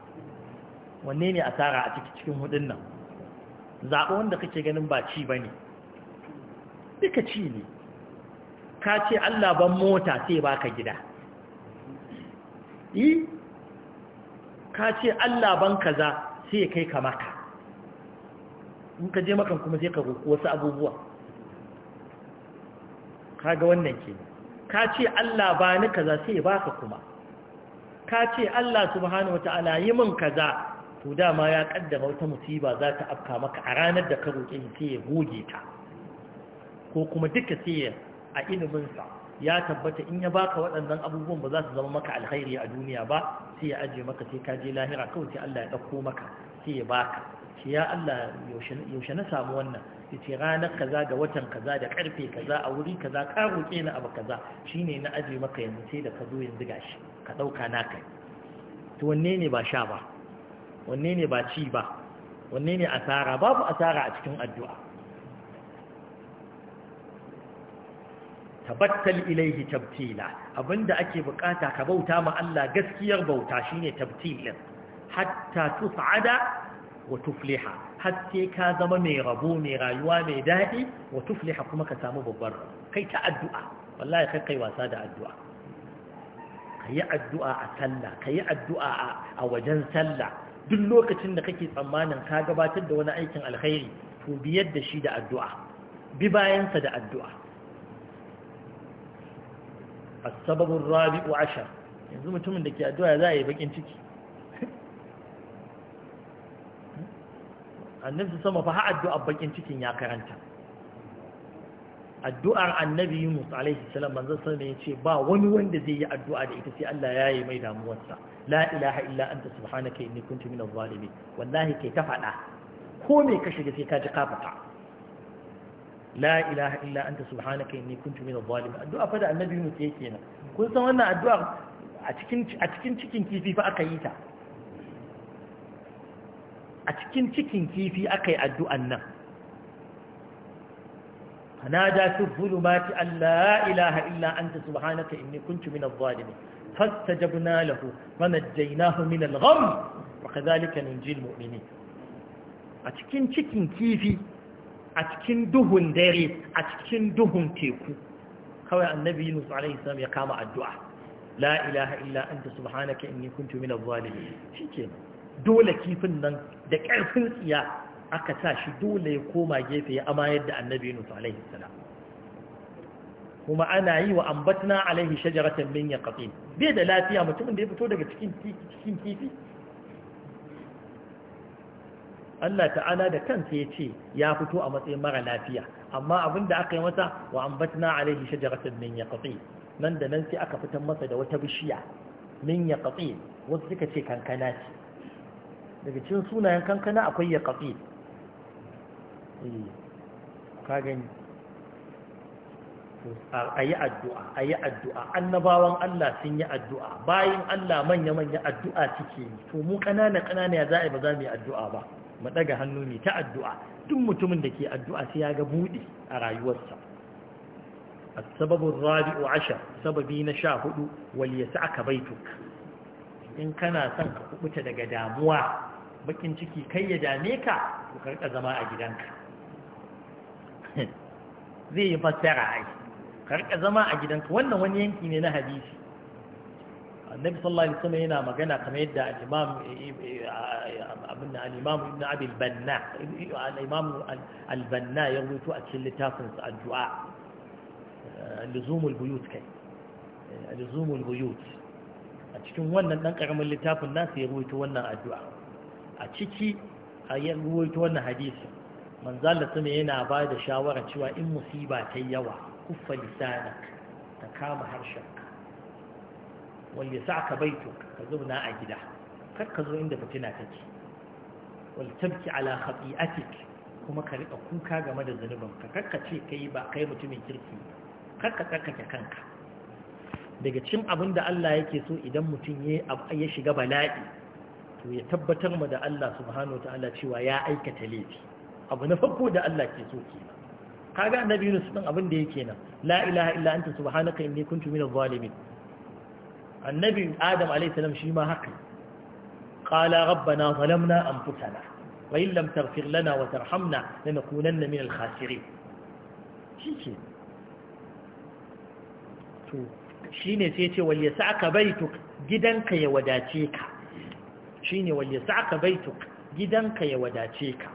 wanne ne asara a cikin cikin hudun nan zaɓo wanda kake ganin ba ci ba ne duka ci ne ka ce Allah ban mota sai baka gida yi ka ce Allah ban kaza sai kai ka maka in ka je makan kuma sai ka roƙi wasu abubuwa ga wannan ke ka ce Allah ba ni kaza sai ba ka kuma ka ce Allah subhanahu wata'ala yi min kaza to dama ya kaddama wata musiba za ta afka maka a ranar da ka roƙi sai ya goge ta ko kuma duka sai ya a iliminsa ya tabbata in ya baka waɗannan abubuwan ba za su zama maka alkhairi a duniya ba sai ya aje maka sai ka je lahira kawai sai Allah ya ɗauko maka sai ya baka ce ya Allah yaushe na samu wannan ya ce ranar kaza ga watan kaza da karfe kaza a wuri kaza ka roƙe na abu kaza shine na aje maka yanzu sai da ka zo yanzu shi. ka ɗauka na kai to wanne ne ba sha ba wanne ne ba ci ba wanne ne asara babu asara a cikin addu'a tabattal ilaihi tabtila abinda ake bukata ka bauta ma Allah gaskiyar bauta shine tabtilin hatta tus'ada wa tufliha har sai ka zama mai rabo mai rayuwa mai daɗi wa tufliha kuma ka samu babbar kai ta addu'a wallahi kai kai wasa da addu'a kayi addu'a a sallah kayi addu'a a wajen sallah duk lokacin da kake tsammanin ka gabatar da wani aikin alkhairi to biyar da shi da addu'a bi bayansa da addu'a as-sababur rabi'u ashar yanzu mutumin da ke addu'a za a yi bakin ciki annabi sama fa addu'ar bakin cikin ya karanta addu'ar annabi Yunus alaihi salam manzo sallallahu alaihi yace ba wani wanda zai yi addu'a da ita sai Allah ya yi mai damuwarsa la ilaha illa anta subhanaka inni kuntu minaz zalimin wallahi kai ta fada ko me ka shiga sai ka ji kafata la ilaha illa anta subhanaka inni kuntu minaz zalimin addu'a fa da annabi Yunus yake kenan kun san wannan addu'a a cikin a cikin cikin kifi fa aka yi ta a cikin cikin kifi aka yi addu’an nan na da su hulu mati Allah ilaha illa an subhanaka inni kuncu minan zalimi fasta jabna lahu mana jainahu minan gham wa ka zalika ninjil a cikin cikin kifi a cikin duhun dare a cikin duhun teku kawai annabi yi ya kama addu'a la illa an subhanaka inni kuncu minan zalimi shi kenan dole kifin nan da ƙarfin tsiya aka sa shi dole ya koma gefe ya amayar da annabi nufa alaihi salam kuma ana yi wa ambatna alaihi shajaratan min yaqtin bai da lafiya mutumin da ya fito daga cikin cikin kifi Allah ta'ala da kansa ya ce ya fito a matsayin mara lafiya amma abin da aka yi masa wa ambatna alaihi shajaratan min yaqtin nan da nan sai aka fitar masa da wata bishiya min yaqtin wasu suka ce kankana ce daga cikin sunayen kankana akwai ya kafi eh, ka gani a yi addu'a a yi addu'a annabawan Allah sun yi addu'a bayan Allah manya-manya addu'a suke yi to mu ƙanana-ƙanana ya za a yi ba za mu yi addu'a ba mu ɗaga hannu ne ta addu'a duk mutumin da ke addu'a sai ya ga buɗe a rayuwarsa a sababin rabi'u ashar sababi na sha hudu wal ya sa aka baituk in kana son ka kubuta daga damuwa bakin ciki kai ya dame ka to karka zama a gidanka zai yi fassara ai karka zama a gidanka wannan wani yanki ne na hadisi annabi sallallahu alaihi wasallam yana magana kamar yadda al-imam abin da al-imam ibn abi al-banna al-imam al-banna ya rubuto a cikin littafin sa addu'a eh, luzumul buyut kai eh, luzumul buyut a cikin wannan ɗan ƙaramin littafin nasa ya ruwaito wannan addu'a a ciki a ya ruwaito wannan hadisi manzala sama yana ba da shawara cewa in musiba ta yawa kuffa lisanak ta kama harshenka wal yasa'ka baituk ka zauna a gida kar ka zo inda fitina take wal tabki ala khati'atik kuma ka riƙa kuka game da zunubinka kakka ce kai ba kai mutumin kirki Kar ka tsarkake kanka daga cin abin da Allah yake so idan mutum ya shiga bala'i to ya tabbatar ma da Allah subhanahu ta'ala cewa ya aikata laifi abu na farko da Allah ke so ke kaga annabi Yunus din abin da yake nan la ilaha illa anta subhanaka inni kuntu minadh zalimin annabi Adam alayhi salam shi ma haka qala rabbana zalamna anfusana wa in lam taghfir lana wa tarhamna lanakunanna min al-khasirin shi ke to ne sai ce wal yas'aka baituk gidanka ya wadace ka shine wal yas'aka baituk gidanka ya wadace ka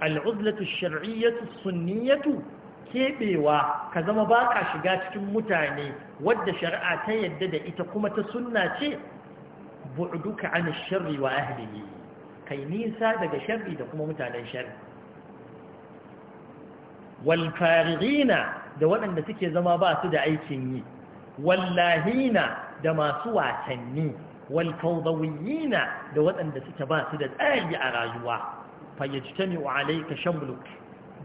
al'uzlatu shar'iyyatu keɓewa ka zama ba ka shiga cikin mutane wadda shari'a ta yadda da ita kuma ta sunna ce bu'duka an sharri wa ahlihi kai nisa daga shar'i da kuma mutanen shar'i wal da waɗanda suke zama ba su da aikin yi wallahina da masu wasanni walkaudawiyina da waɗanda suke ba su da tsari a rayuwa fayyajtami'u alayka shamluk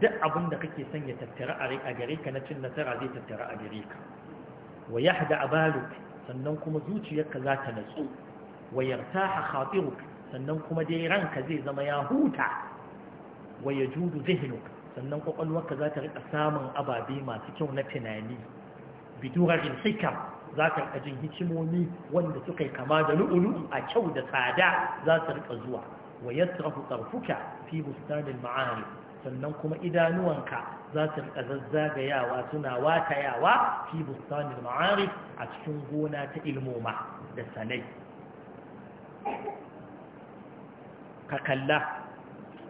duk abin da kake son ya tattara a gare ka na cin nasara zai tattara a gare ka wa yahda abaluk sannan kuma zuciyarka za ta natsu wa yartaha khatiruk sannan kuma dai ranka zai zama ya huta wa yajudu zihnuk sannan kwakwalwarka za ta rika samun ababe masu kyau na tunani bidurarin hikam za ka rika jin hikimomi wanda suka yi kama da lu'ulu a kyau da tsada za su rika zuwa wa yasrafu tsarfuka fi bustanil ma'ari sannan kuma idanuwanka za su rika zazzagayawa suna watayawa fi bustanil ma'ari a cikin gona ta ilmoma da sanai ka kalla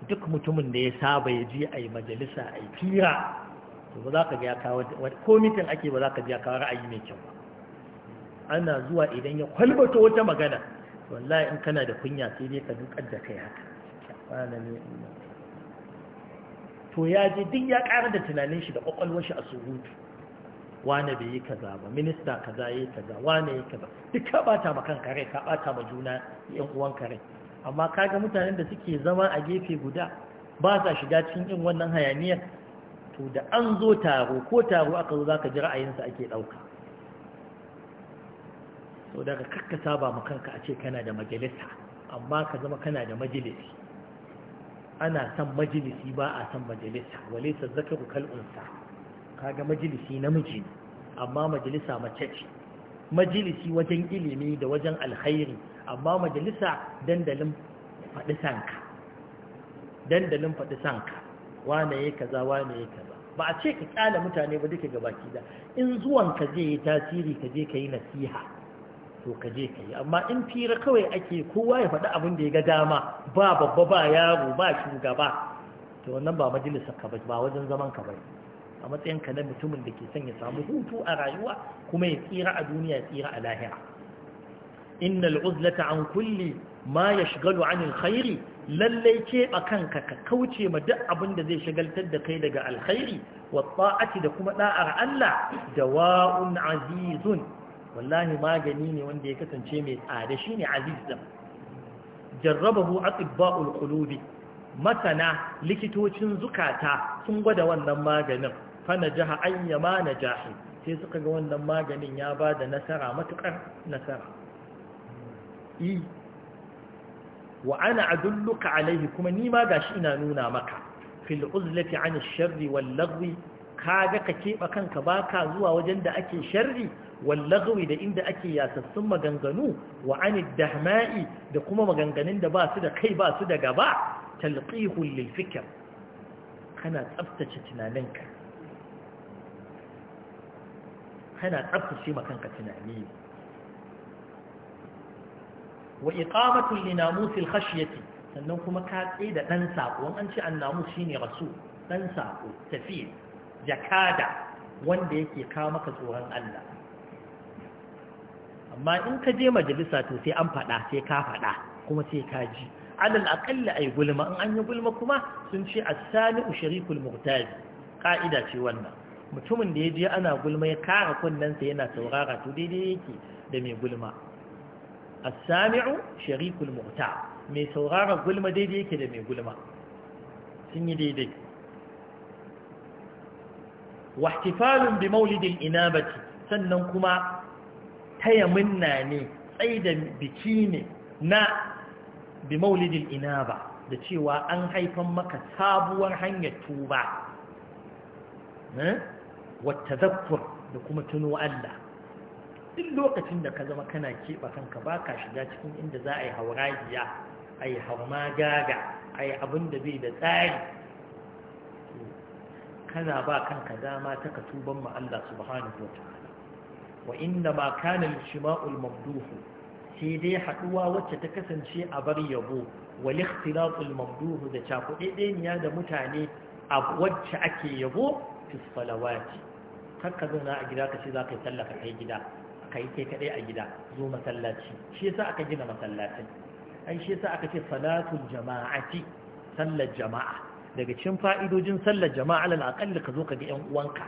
duk mutumin da ya saba ya je a yi majalisa a yi fira to ba za ka ga ya kawo ko mitin ake ba za ka ga ya kawo ra'ayi mai kyau ana zuwa idan ya kwalbato wata magana wallahi in kana da kunya sai dai ka dukar da kai haka kwana ne to ya je duk ya ƙara da tunanin shi da ƙwaƙwalwar shi a surutu wane bai yi kaza ba minista kaza ya yi kaza wane ya kaza duk ka bata ma kanka rai ka bata ma juna yan uwanka rai amma kaga mutanen da suke zama a gefe guda ba sa shiga cikin yin wannan hayaniyar to da an zo taro ko taro aka zo zaka ji ra'ayinsa ake ɗauka sau daga kakka saba ma kanka a ce kana da majalisa amma ka zama kana da majalisi ana son majalisi ba a son majalisa wale sa zakaru kal'unsa kaga majalisi namiji ne amma majalisa mace ce majalisi wajen ilimi da wajen alkhairi amma majalisa dandalin faɗi sanka dandalin faɗi sanka wane ya kaza wane ya kaza ba a ce ka kyala mutane ba duka gabaki da in zuwan ka zai yi tasiri ka je ka yi nasiha to ka je ka yi amma in fira kawai ake kowa ya faɗi abin da ya ga dama ba babba ba yaro ba shugaba to wannan ba majalisa ka ba ba wajen zaman ka bai a matsayin ka na mutumin da ke son ya samu hutu a rayuwa kuma ya tsira a duniya ya tsira a lahira innal uzlata an kulle ma yashghalu anil khairi lallai ce a kanka ka kauce ma duk abin da zai shagaltar da kai daga alkhairi wa ta'ati da kuma da'ar Allah dawa'un azizun wallahi magani ne wanda ya kasance mai tsada shine aziz din jarrabahu atibba'ul qulubi masana likitocin zukata sun gwada wannan maganin fana jaha ayyama najahi sai suka ga wannan maganin ya ba da nasara matukar nasara yi wa ana adulluka alaihi kuma ni ma gashi ina nuna maka fil uzlati an sharri wal lagwi kaga ka keba kanka baka zuwa wajen da ake sharri wal da inda ake yasassun maganganu wa an dahma'i da kuma maganganun da ba su da kai ba su da gaba talqihul lil fikr kana tsaftace tunaninka kana tsaftace tunani wa iqamatul linamusil khashyati sannan kuma ka tsaye da dan sako an ce annamu shine rasul dan sako tafi jakada wanda yake kawo maka tsoron Allah amma in ka je majalisa to sai an faɗa sai ka faɗa kuma sai ka ji alal aqalla ay gulma in an yi gulma kuma sun ce as-sami'u sharikul muhtaj ka'ida ce wannan mutumin da ya je ana gulma ya kara kunnen sa yana saurara to daidai yake da mai gulma as-sami'u sharikul mu'ta mai sauraron gulma daidai yake da mai gulma sun yi daidai wahtifalun bi maulidin inabati sannan kuma taya minna ne tsaye da biki ne na bi maulidin inaba da cewa an haifan maka sabuwar hanyar tuba wata zakkur da kuma tuno Allah duk lokacin da ka zama kana keɓa kanka ba ka shiga cikin inda za a yi hauragiya a yi hauma gaga a yi abin da bai da tsari kana ba kanka dama ta ka tuban ma Allah subhanahu wa ta'ala wa inna ma kana shimaul mabduhu sai dai haɗuwa wacce ta kasance a bar yabo wal ikhtilatul da cakuɗeɗeniya da mutane a wacce ake yabo fi salawati kakka zauna a gida ka ce za ka yi tallaka kai gida kai kai kadai a gida zo masallaci shi yasa aka gina masallacin ai shi yasa aka ce salatul jama'ati sallar jama'a daga cikin fa'idojin sallar jama'a alal aqalli ka zo ka ga yan uwanka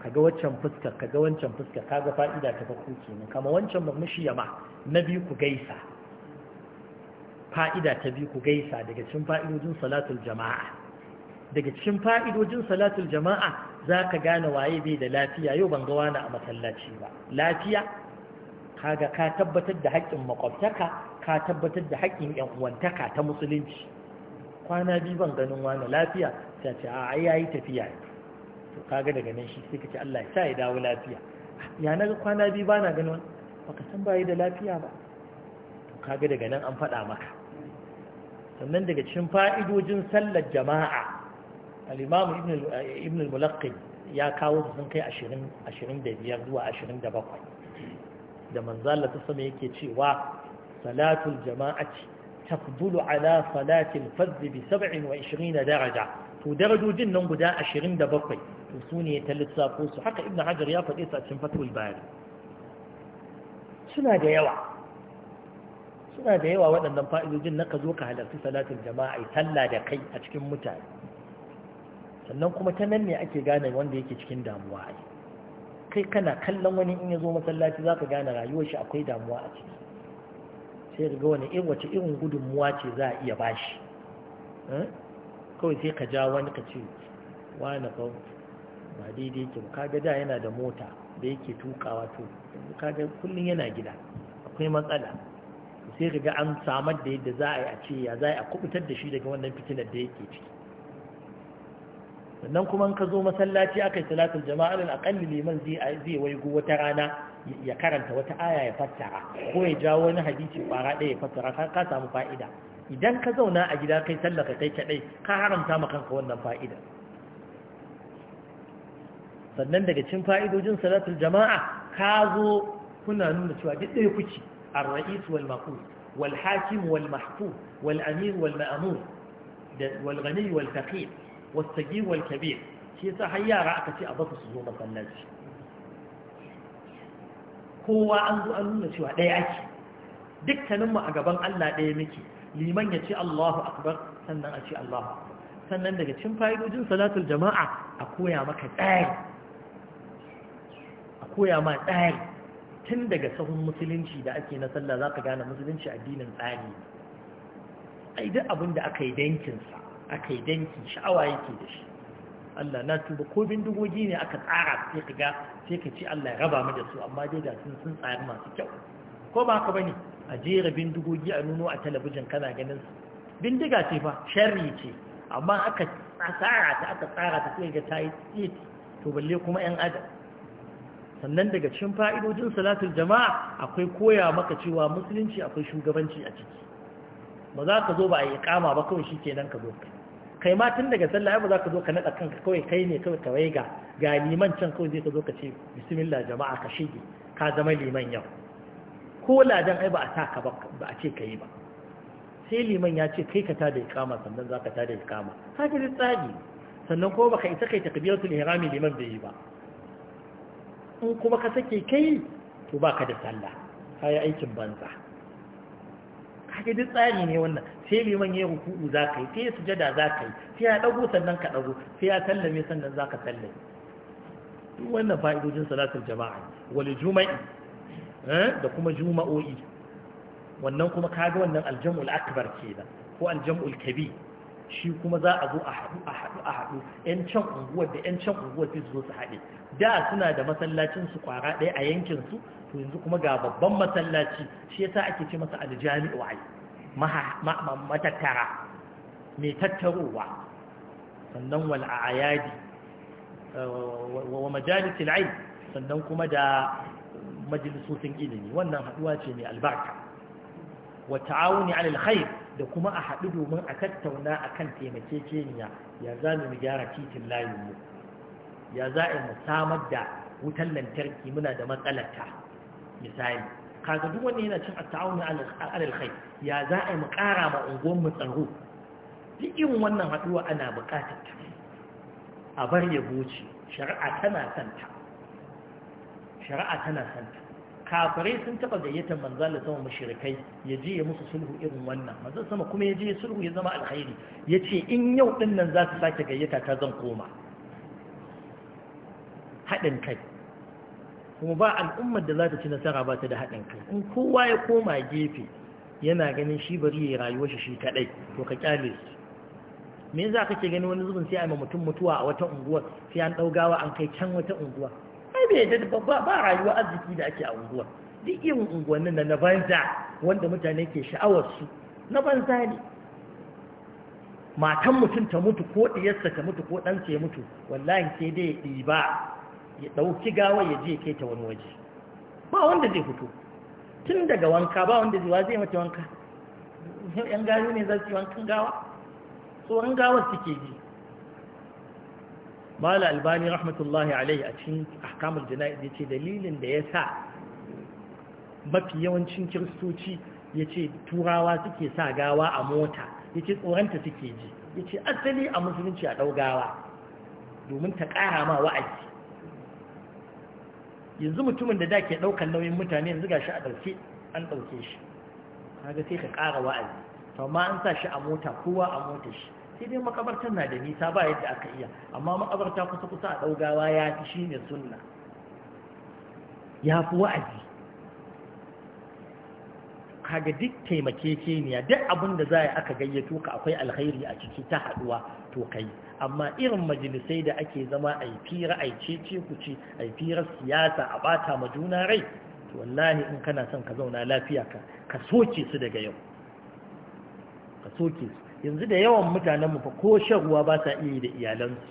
Ka ga waccan fuskar ga wancan fuskar ga fa'ida ta farko kenan kama wancan murmushi yama na biyu ku gaisa fa'ida ta biyu ku gaisa daga cikin fa'idojin salatul jama'a daga cikin fa'idojin salatul jama'a za ka gane waye bai da lafiya yau ban ga wani a masallaci ba lafiya kaga ka tabbatar da haƙƙin makwabtaka ka tabbatar da haƙƙin ƴan uwantaka ta musulunci kwana biyu ban ganin wani lafiya sai ce a yi tafiya to kaga daga nan shi sai ka ce Allah ya sa ya dawo lafiya ya na kwana biyu ba na ganin baka san ba yi da lafiya ba to kaga daga nan an faɗa maka sannan daga cikin fa'idojin sallar jama'a al'imamu ibn al eh, ya kawo su sun kai ashirin da biyar zuwa ashirin da bakwai da manzala ta sama yake cewa salatul jama'ati tafdulu ala salatil fadli 27 daraja to darajojin nan guda ashirin da bakwai to su ne ta lissafo su haka ibn hajar ya faɗe su a cikin bayani suna da yawa suna da yawa waɗannan fa'idojin na ka zo ka halarci salatin jama'a talla da kai a cikin mutane sannan kuma ta nan ne ake gane wanda yake cikin damuwa ai kai kana kallon wani in ya zo masallaci za ka gane rayuwar shi akwai damuwa a ciki sai ga wani irin wace irin gudunmuwa ce za a iya bashi hmm? kawai sai ka ja wani ka ce wani ba ba daidai ke ka ga da yana da mota da yake tukawa to ka ga kullum yana gida akwai matsala sai riga ga an samar da yadda za a yi a ce ya za a kubutar da shi daga wannan fitinar da yake ciki sannan kuma in ka zo masallaci aka yi salatul jama'a alal aqalli liman zai zai waigo wata rana ya karanta wata aya ya fassara ko ya jawo wani hadisi kwara ɗaya ya fassara ka ka samu fa'ida idan ka zauna a gida kai sallaka kai kaɗai, ka haramta ma kanka wannan fa'ida sannan daga cikin fa'idojin salatul jama'a ka zo kuna nuna cewa duk ɗaya kuke ar wal maqul wal hakim wal mahfuz wal amir wal ma'mur wal ghani wal faqir والصغير Kabir, shi yasa har yara aka ce a basu su zo masallaci kowa an zo an nuna cewa ɗaya ake dukkaninmu a gaban Allah ɗaya muke liman ya ce Allahu akbar sannan a ce Allahu sannan daga cin fa'idojin salatul jama'a a koya maka ɗaya a koya ma ɗaya tun daga sahun musulunci da ake na sallah za ka gane musulunci addinin tsari ai duk abin da aka yi dankinsa aka yi dankin sha'awa yake da shi Allah na tuba ko bindigogi ne aka tsara sai ka ga sai ka ce Allah ya raba mu da su amma dai da sun sun tsari masu kyau ko ba haka bane a jera bindigogi a nuno a talabijin kana ganin su bindiga ce fa sharri ce amma aka tsara ta aka tsara ta sai ga tayi tsit to balle kuma yan adam sannan daga cikin fa'idojin salatul jama'a akwai koya maka cewa musulunci akwai shugabanci a ciki ba za ka zo ba a yi kama ba kawai shi kenan ka zo kai kai ma tun daga sallah ba za ka zo ka naɗa kanka kawai kai ne kawai ka waiga ga liman can kawai zai ka zo ka ce bismillah jama'a ka shige ka zama liman yau ko ladan ai ba a sa ka ba a ce ka ba sai liman ya ce kai ka ta da ikama sannan za ka ta da ikama ka ji tsari sannan ko baka isa kai takbiratul ihrami liman bai yi ba in kuma ka sake kai to baka da sallah kai aikin banza kaga duk tsari ne wannan sai liman ya ruku'u za ka yi sai ya sujada za ka yi sai ya ɗago sannan ka ɗago sai ya sallame sannan za ka sallame duk wannan fa'idojin salatul jama'a wal juma'i eh, da kuma juma'o'i wannan kuma kaga wannan aljam'ul akbar kenan ko aljam'ul kabir shi kuma za a zo a haɗu a haɗu a haɗu ‘yan can unguwar da ‘yan can unguwar su zo su haɗe da suna da masallacinsu kwara ɗaya a yankinsu to yanzu kuma ga babban masallaci shi yasa ake ce masa aljami'u ai matattara mai tattarowa sannan wal eh, wa majalisil sannan kuma da majalisosin ilimi wannan haɗuwa ce mai albarka wa ta'awuni 'alal khair da kuma a haɗu domin a tattauna akan taimakekeniya ya za mu gyara titin layinmu ya za a mu samar da wutar lantarki muna da matsalarta misali kaga duk wanda yana cin ta'awuni taawun alal khair ya za a yi mu ƙara ma unguwar mu tsaro duk irin wannan haduwa ana buƙatar ta a bar ya goce shari'a tana santa shari'a tana santa kafirai sun taba gayyatar manzo Allah sama mushrikai ya je ya musu sulhu irin wannan manzo sama kuma ya je ya sulhu ya zama alkhairi yace in yau din nan za su sake gayyata ta zan koma haɗin kai kuma ba al'ummar da za ta ci nasara ba ta da haɗin kai in kowa ya koma gefe yana ganin shi bari ya rayuwa shi shi kaɗai to ka kyale su me ka ke gani wani zubin sai a ma mutum mutuwa a wata unguwa sai an ɗaugawa an kai can wata unguwa ai bai da ba ba rayuwa arziki da ake a unguwa duk irin unguwannin da na banza wanda mutane ke sha'awar su na banza ne matan mutum ta mutu ko ɗiyarsa ta mutu ko ɗansa ya mutu wallahi sai dai ya ɗiba ya ɗauki gawa ya je kai ta wani waje ba wanda zai fito tun daga wanka ba wanda zai zai mata wanka yan gari ne za su yi wankan gawa tsoron gawar suke ji mala albani rahmatullahi alaihi a cikin ahkamul jana'iz yace dalilin da ya sa mafi yawancin kiristoci yace turawa suke sa gawa a mota yace tsoronta suke ji yace asali a musulunci a ɗau gawa domin ta ƙara ma wa'azi yanzu mutumin da da ke ɗaukar nauyin mutane yanzu gashi a ɗauke an ɗauke shi kaga sai ka ƙara wa'azi to amma an sa shi a mota kowa a mota shi sai dai makabartar na da nisa ba yadda aka iya amma makabarta kusa kusa a ɗaugawa ya fi shi sunna ya fi wa'azi kaga duk taimakekeniya duk abin da za a aka gayyato ka akwai alkhairi a ciki ta haɗuwa to kai amma irin majalisai da ake zama a yi fira a yi cece ce a yi firar siyasa a bata ma juna rai to wallahi in kana son ka zauna lafiya ka ka soke su daga yau ka soke su yanzu da yawan mutanenmu fa ko shan ruwa ba sa iya yi da iyalansu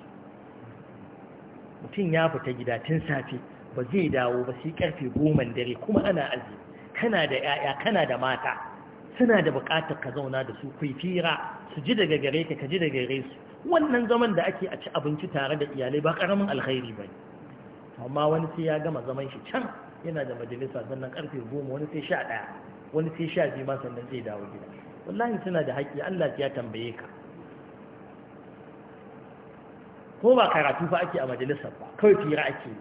mutum ya fita gida tun safe ba zai dawo ba sai karfe goma dare kuma ana aji kana da 'ya'ya kana da mata suna da buƙatar ka zauna da su kuyi fira su ji daga gare ka ka ji daga gare su wannan zaman da ake a ci abinci tare da iyalai ba karamin alkhairi ba amma wani sai ya gama zaman shi can yana da majalisa sannan karfe goma wani sai sha ɗaya wani sai sha biyu ma sannan zai dawo gida wallahi suna da haƙƙi allah ya tambaye ka ko ba karatu fa ake a majalisar ba kawai fira ake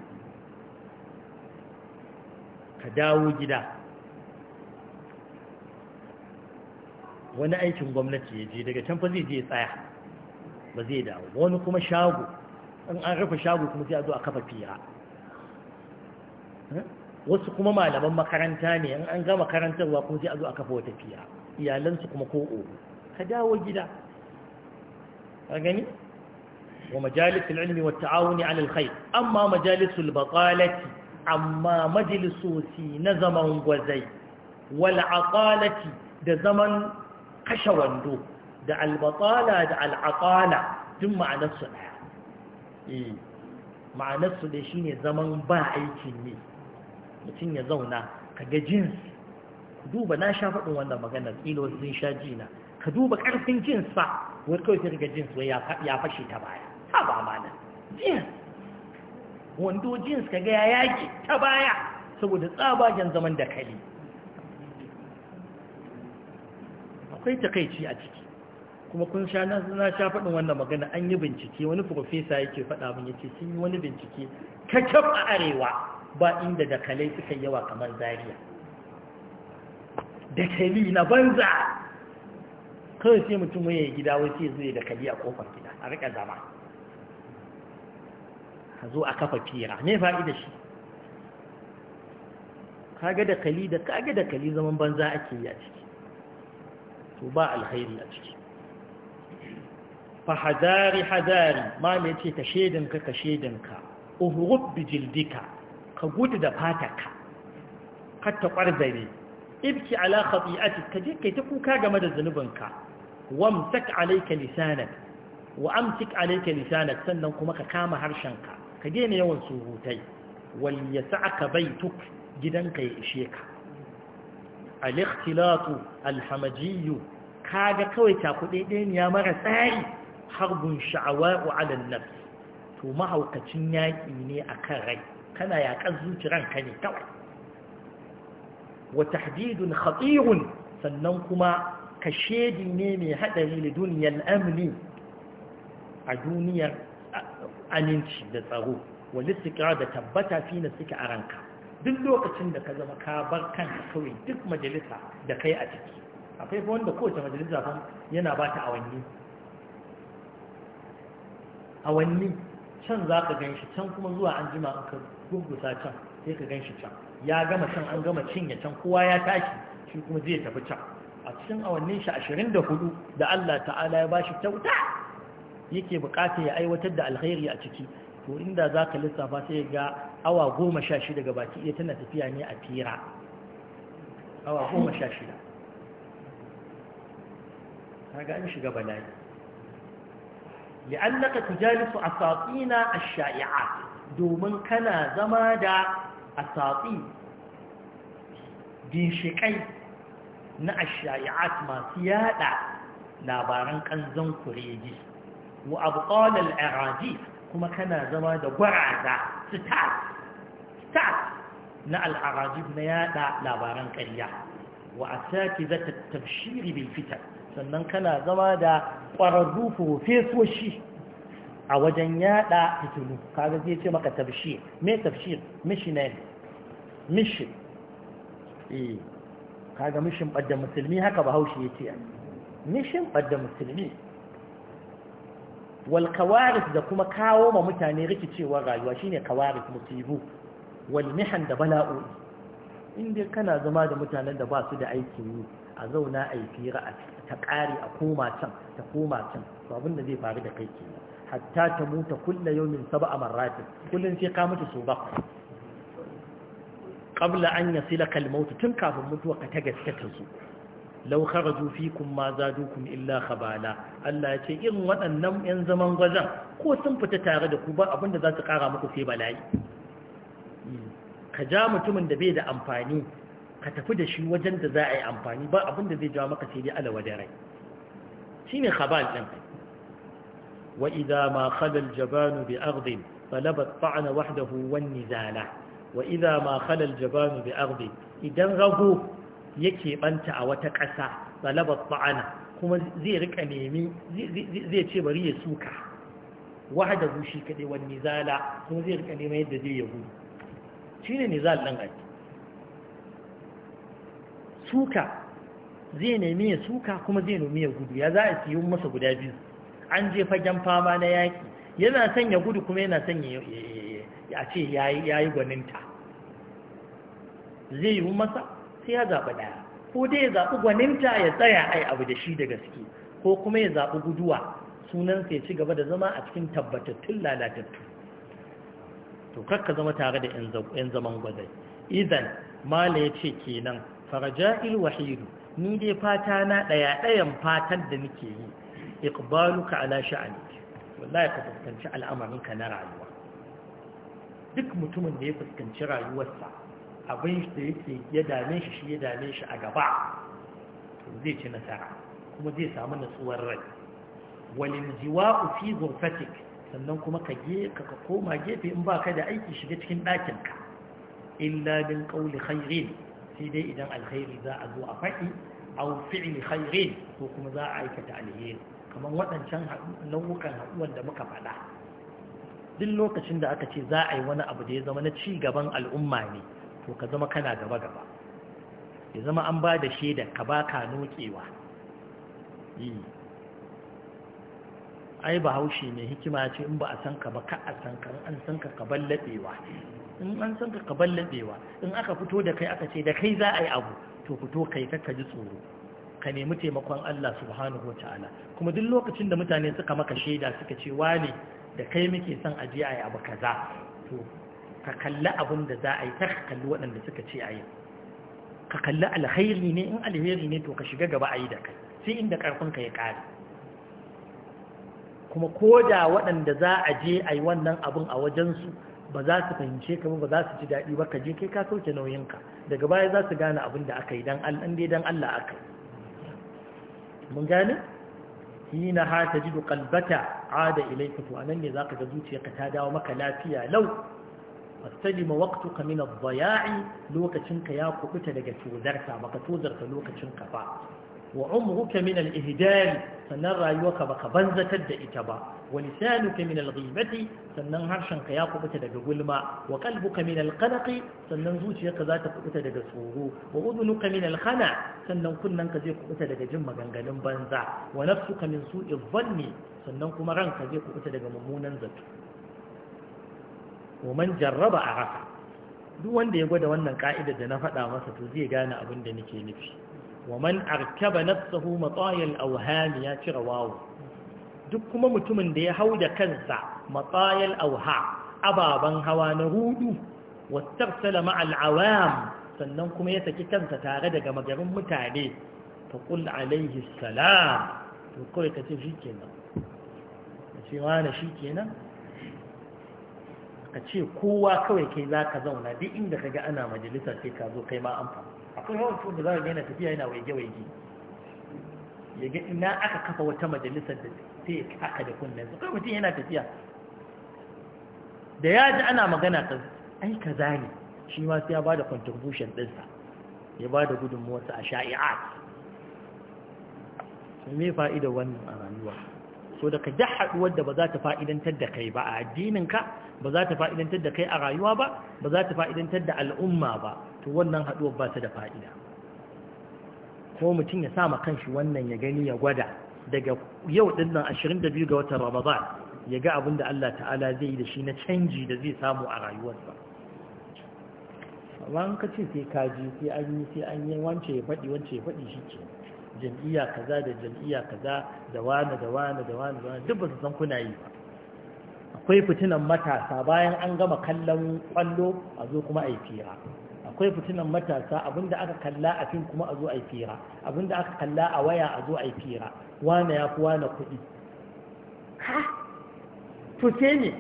ka dawo gida wani aikin gwamnati ya je daga can fa zai je tsaya ba zai dawo wani kuma shago in an rufe shago kuma sai a zo a kafa fiya hmm? wasu kuma malaman makaranta ne in an gama karantarwa kuma sai a zo a kafa wata fiya iyalansu kuma ko ogo ka dawo gida A gani wa majalisul ilmi wa ta'awuni 'ala alkhair amma majalisul baqalati amma majalisoci na zaman gwazai wal aqalati da zaman kashe wando da albatala da al'aqala duk ma'anarsu ɗaya eh ma'anarsu da shine zaman ba aikin ne mutum ya zauna kaga jins duba na sha faɗin wannan maganar ƙila wasu sun sha jina ka duba ƙarfin jinsa wai kawai sai ga jins wai ya fashe ta baya ha ba mana jins wando jins ka ga ya yaki ta baya saboda tsabagen zaman da kali akwai takaici a ciki kuma kun sha na sha faɗin wannan magana an yi bincike wani profesa yake faɗa min yace sun yi wani bincike kakaf a arewa ba inda dakalai suka yawa kamar zariya kali na banza kawai sai mutum ya gida wai sai zai kali a kofar gida a rika zama a zo a kafa fira me fa'ida shi kaga dakali da kaga dakali zaman banza ake yi a ciki to ba alkhairi a ciki fahadari hadari malam ce ka shedinka ka shedinka uhurub bi jildika ka gudu da fataka ka ta kwarzare ibki ala khati'atik ka je kai ta kuka game da zanubanka wamsak alayka lisanak wa amsik alayka lisanak sannan kuma ka kama harshenka ka daina yawan surutai wal yas'aka baituk gidanka ya ishe ka al-ikhtilatu al-hamajiyyu kaga kawai ta kudi ɗaya ne ya mara tsari harbun sha'awar alal nafs to mahaukacin yaƙi ne akan rai kana yaƙar zuciyar ka ne kawai wa tahdidun haɗirun sannan kuma kashedi ne mai haɗari da duniyar amini a duniyar aminci da tsaro walittika da tabbata fi na suke a ranka duk lokacin da ka zama ka bar kanka kawai duk majalisa da kai a ciki akwai wanda kowace majalisa yana ba ta awanni awanni can za ka gan shi can kuma zuwa an jima an ka can sai ka gan shi can ya gama can an gama cinye can kowa ya tashi shi kuma zai tafi can a cikin awannin shi ashirin da hudu da Allah ta'ala ya ba shi kyauta yake bukata ya aiwatar da alkhairi a ciki to inda za ka lissafa sai ga awa goma sha shida ga baki iya tana tafiya ne a fira awa goma sha shida ka ga an shiga bala'i لأنك تجالس أساطين الشائعات دومن كان زمادا أساطين دين شكي نا الشائعات ما سيادا نابارن كان زن كريجي وأبطال الإعراجي كما كنا زمادا برعزا ستات ستات نا الإعراجي بنيادا نابارن كريا وأساتذة التبشير بالفتن sannan kana zama da ƙwararru profesoshi a wajen yada fitilu kaga zai ce maka tafshir me tafshir missionary mission eh kaga mishin ɓadda musulmi haka bahaushe ya ce mishin ɓadda musulmi wal kawaris da kuma kawo ma mutane rikicewar rayuwa shine kawaris musibu wal mihan da Bala'u in inda kana zama da mutanen da ba su da aikin yi a zauna a yi fira a ta ƙare a koma can ta koma can to abin da zai faru da kai ke. hatta ta muta kulla yawmin sab'a marratin kullun sai ka mutu su ba. qabla an yasilaka al-maut tun kafin mutuwa ka ta gaske ta zo law kharaju fikum ma zadukum illa kabala. Allah ya ce irin waɗannan yan zaman gwazan ko sun fita tare da ku ba abin da za su ƙara muku sai bala'i hmm. ka ja mutumin da bai da amfani ka tafi da shi wajen da za a yi amfani ba abin zai jawo maka sai dai alawa da rai shine khabal ɗin. wa idza ma khala al jaban bi aghdin falabat ta'na wahdahu wan nizala wa idza ma khala al bi aghdin idan rago yake banta a wata ƙasa falabat ta'na kuma zai rika nemi zai ce bari ya suka wahdahu shi kade wan nizala kuma zai rika neman yadda zai yahu shine nizal din ake suka zai nemi ya suka kuma zai nemi ya gudu ya za a siyo masa guda biyu an je fagen fama na yaƙi yana son ya gudu kuma yana son ya ce ya yi gwaninta zai yi masa sai ya zaɓi ɗaya ko dai ya zaɓi gwaninta ya tsaya ai abu da shi da gaske ko kuma ya zaɓi guduwa sunansa ya ci gaba da zama a cikin tabbatattun lalatattu to kakka zama tare da 'yan zaman gwazai idan mala ya ce kenan faraja'il wahidu ni dai fata na daya dayan fatan da nake yi iqbaluka ala sha'anik wallahi ka fuskanci al'amarinka na rayuwa duk mutumin da ya fuskanci rayuwarsa abin da yake ya dame shi shi ya dame shi a gaba to zai ci nasara kuma zai samu natsuwar rai walin jiwa'u fi zurfatik sannan kuma ka je ka koma gefe in baka da aiki shiga cikin ɗakinka illa bil qawli khairin sai dai idan alkhairi za a zo a faɗi a fi'li khairin ko kuma za a aikata alheri kamar waɗancan nau'ukan haɗuwan da muka faɗa duk lokacin da aka ce za a yi wani abu da ya zama na ci gaban al'umma ne to ka zama kana gaba gaba ya zama an ba da shaida ka ba ka nokewa eh. ai bahaushe mai hikima ce in ba a san ka ba ka a san ka an san ka ka ballaɗewa in an san ka ladewa. in aka fito da kai aka ce da kai za a yi abu to fito kai ka ji tsoro ka nemi taimakon Allah subhanahu ta'ala kuma duk lokacin da mutane suka maka shaida suka ce wani da kai muke son a je a yi abu kaza to ka kalli abin da za a yi ta kalli waɗanda suka ce a yi ka kalli alheri ne in alheri ne to ka shiga gaba a yi da kai sai inda karfin ka ya ƙare kuma ko da waɗanda za a je a yi wannan abin a wajensu ba za su fahimce ka ba za su ji daɗi ba ka je kai ka sauke nauyinka daga baya za su gane abin da aka yi dan an don Allah aka mun gane hina ha a da ada ilayka a nan ne zaka ga zuciyarka ta dawo maka lafiya lau fastajima waqtuka min ad-daya'i lokacinka ya ta daga tozarta baka tozarta lokacinka ba wa umruka min al-ihdal sannan rayuwarka baka banzatar da ita ba wa lisanuka min al-ghibati sannan harshenka ya kubuta daga gulma wa qalbuka min al sannan zuciyarka za ta kubuta daga tsoro wa udunuka min al-khana sannan kunnanka zai kubuta daga jin maganganun banza wa nafsuka min su'i dhanni sannan kuma ranka zai kubuta daga mummunan zato wa man jarraba arafa duk wanda ya gwada wannan ka'idar da na faɗa masa to zai gane abin da nake nufi wa man arkaba nafsahu matayal awham ya cire wawo duk kuma mutumin da ya hau da kansa matayal auha ababen hawa na hudu wattarsala ma'al awam sannan kuma ya saki kansa tare daga gamagarin mutane ta kul alaihi salam to kawai ka ce shi kenan ka ka ce kowa kawai kai za ka zauna duk inda ka ga ana majalisar sai ka zo kai ma an akwai yawan su da za ga yana tafiya yana waige waige ya ga ina aka kafa wata majalisar da sai haka da kunnen su kai mutum yana tafiya da ya ji ana magana kan ai kaza ne shi ma sai ya da contribution ɗinsa ya ba bada gudunmuwarsa a sha'i'at sun me fa'idar wannan a rayuwa so da ka duk haɗuwar da ba za ta fa'idantar da kai ba a addininka ba za ta fa'idantar da kai a rayuwa ba ba za ta fa'idantar da al'umma ba to wannan haduwar ba ta da fa'ida ko mutum ya sama kanshi wannan ya gani ya gwada daga yau ɗin nan 22 ga watan ramadan ya ga abin da Allah ta'ala zai yi da shi na canji da zai samu a rayuwarsa wani an ka ce sai kaji sai an yi sai an yi wance ya faɗi wance ya faɗi shi ke jam'iyya kaza da jam'iyya kaza da wani da wani da wani da wani duk ba su san kuna yi ba akwai fitinan matasa bayan an gama kallon kwallo a zo kuma a yi fira akwai fitinan matasa abinda aka kalla a fim kuma a zo a yi fira abinda aka kalla a waya a zo a yi fira wane ya fi wane kuɗi ha to ne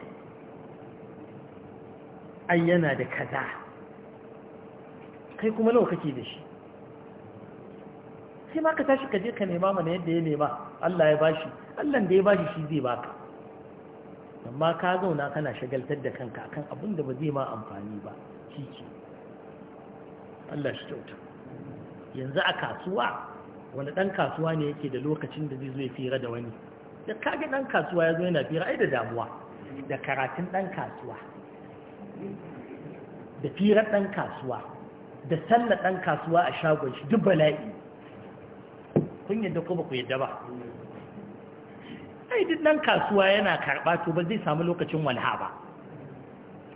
ai yana da kaza kai kuma nawa kake da shi sai ma ka tashi ka je ka nema mana yadda ya nema Allah ya bashi Allah da ya bashi shi zai baka amma ka zauna kana shagaltar da kanka akan abin da ba zai ma amfani ba shi Allah shi kyauta yanzu a kasuwa wani ɗan kasuwa ne yake da lokacin da zai zo ya fira da wani da kage ɗan kasuwa ya zo yana fira ai da damuwa da karatun ɗan kasuwa da firar ɗan kasuwa da sallar ɗan kasuwa a shagon shi duk bala'i kun yadda ko ba ku yadda ba ai duk ɗan kasuwa yana karɓa to ba zai samu lokacin walha ba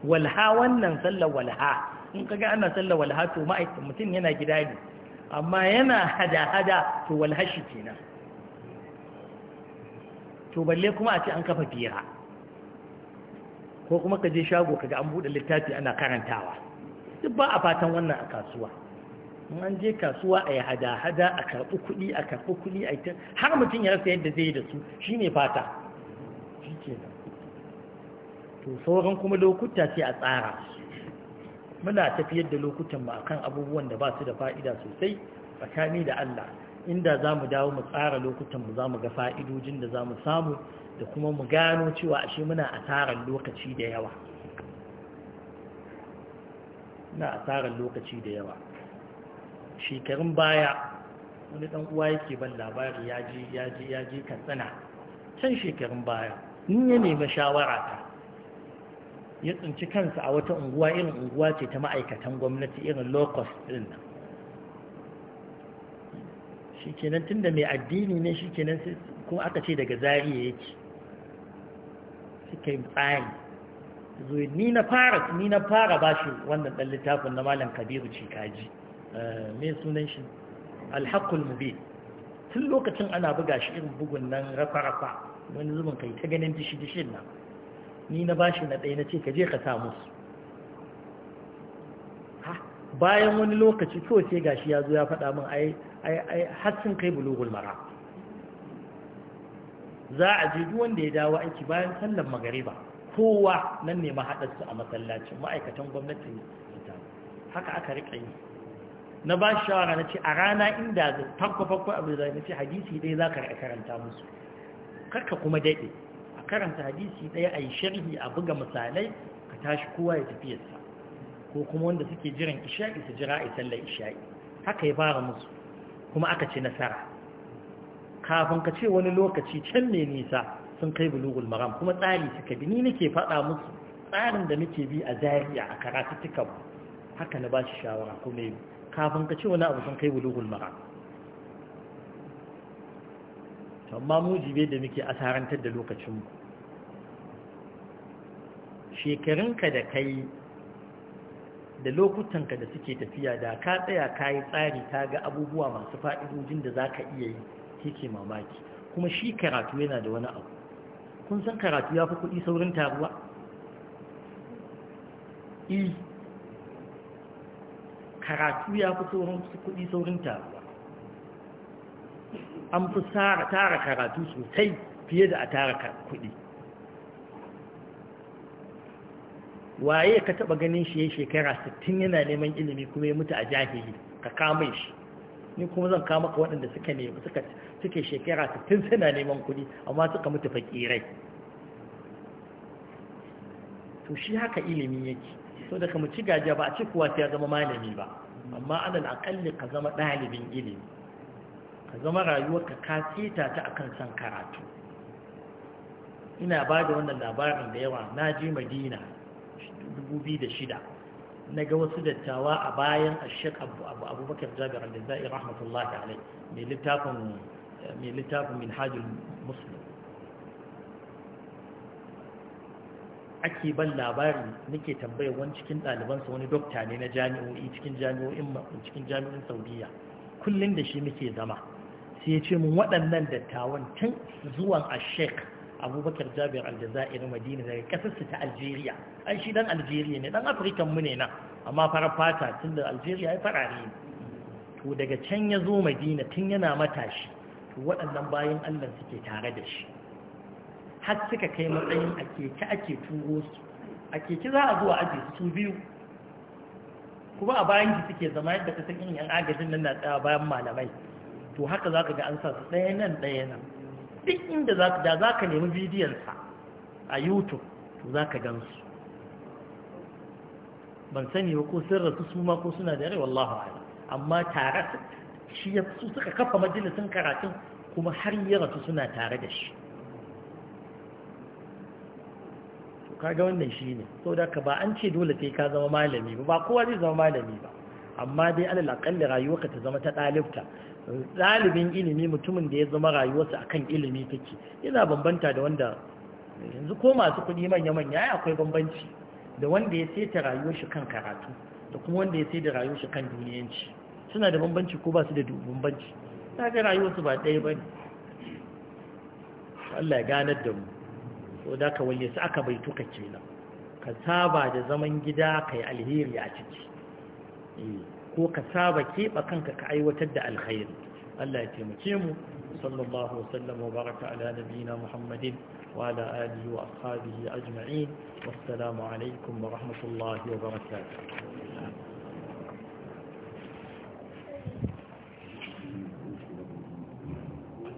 walha wannan sallar walha in kaga ana sallar walha to ma'aikin mutum yana gida ne amma yana hada-hada to walha shi kenan to balle kuma a ce an kafa fira ko kuma ka je shago kaga an buɗe littafi ana karantawa duk ba a fatan wannan a kasuwa in an je kasuwa a yi hada-hada a karɓi kuɗi a karɓi kuɗi a yi har mutum ya rasa yadda zai yi da su shi ne fata shi kenan to sauran kuma lokuta sai a tsara su muna tafiyar da lokutan mu kan abubuwan da ba su da fa'ida sosai tsakani da Allah inda za mu dawo mu tsara lokutan mu za mu ga fa'idojin da za mu samu da kuma mu gano cewa ashe muna a tsara lokaci da yawa na tsara lokaci da yawa shekarun baya wani dan uwa yake ban labari ya je tsana, can shekarun baya in ya nemi shawara ta ya tsinci kansa a wata unguwa irin unguwa ce ta ma'aikatan gwamnati irin locust din nan shi kenan tun da mai addini ne shi kenan kuma aka ce daga zariya yake suka yi tsari zuwa ni na fara ni na fara ba shi wannan ɗan littafin na malam kabiru ce kaji eh, mai sunan shi alhaƙul mube tun lokacin ana buga shi irin bugun nan rafa-rafa wani zubin kai ta ganin dishi-dishin nan ni na bashi na ɗaya na ce ka je ka sa musu bayan wani lokaci kawai sai gashi ya zo ya faɗa min ai ai kai bulugul mara za a je duk wanda ya dawo aiki bayan sallar magariba kowa nan ne mahaɗarsu a masallacin ma'aikatan gwamnati ita haka aka riƙa yi na ba shi shawara na ce a rana inda ta farko farko abu da na ce hadisi dai za ka karanta musu karka kuma daɗe karanta hadisi ɗaya a yi sharhi a buga misalai ka tashi kowa ya sa, ko kuma wanda suke jiran isha'i su jira a sallar isha'i haka ya fara musu kuma aka ci nasara kafin ka ce wani lokaci can mai nisa sun kai bulugul maram kuma tsari suka bi ni nake faɗa musu tsarin da muke bi a zariya a karatuttukan haka na ba shi shawara kuma yi kafin ka ce wani abu sun kai bulugul maram amma mujibe da muke asarantar da lokacinmu shekarunka da kai da lokutanka da suke tafiya da ka tsaya ka yi tsari ta ga abubuwa masu fa'idojin da za ka iya yi yake mamaki kuma shi karatu yana da wani abu kun san karatu ya fi kuɗi saurin taruwa i e, karatu ya fi saurin kuɗi saurin taruwa an fi tara karatu sosai fiye da a tara kuɗi waye ka taba ganin shi ya shekara 60 yana neman ilimi kuma ya mutu a jahili ka kama shi ni kuma zan kama ka waɗanda suka ne suka suke shekara 60 suna neman kuɗi amma suka mutu fakirai to shi haka ilimi yake so da mu ci gajiya ba a ci kuwa ya zama malami ba amma alal akalli ka zama ɗalibin ilimi ka zama rayuwarka ka sita ta akan san karatu ina ba da wannan labarin da yawa na ji madina 2006 na ga wasu dattawa a bayan ashek abubakar jabir al-jazai rahmatullahi mai littafin mai littafin minhajul ake ban labari nake tambayar wani cikin ɗalibansa wani dokta ne na jami'o'i cikin jami'o'in cikin jami'in saudiya kullum da shi muke zama sai ce mun waɗannan dattawan tun zuwan ashek abubakar jabir aljazairi madina daga kasarsu ta algeria an shi dan algeria ne dan afirkan mu ne nan amma farar fata tun da algeria ya farare ne to daga can ya zo madina tun yana matashi to waɗannan bayan allah suke tare da shi har suka kai matsayin a keke ake turo su a keke za a zuwa aji su biyu kuma a bayan ki suke zama yadda ka san irin yan agajin nan na tsaya bayan malamai to haka za ka ga an sa su ɗaya nan ɗaya nan duk inda da za ka nemi bidiyonsa a youtube to za ka gansu ban sani ba ko sun rasu su ma ko suna da yarewa Allah amma tare shi ya su suka kafa majalisun karatun kuma har yi rasu suna tare da shi kaga wannan shi ne sau da ka ba an ce dole sai ka zama malami ba kowa zai zama malami ba amma dai alal rayuwa ka ta zama ta ɗalibta ɗalibin ilimi mutumin da ya zama rayuwarsa akan ilimi take yana bambanta da wanda yanzu ko masu kuɗi manya-manya ya akwai bambanci da wanda ya saita rayuwar shi kan karatu da kuma wanda ya saita rayuwar shi kan duniyanci suna da bambanci ko ba su da bambanci ta ga rayuwarsu ba ɗaya ba ne Allah ya ganar da mu so da ka walle su aka bai tuka kenan ka saba da zaman gida ka yi alheri a ciki eh. ko ka saba keɓa kanka ka aiwatar da alkhairi Allah ya taimake mu sallallahu wasallam wa baraka ala nabiyina Muhammadin wa ala alihi wa ashabihi ajma'in wassalamu alaikum wa rahmatullahi wa barakatuh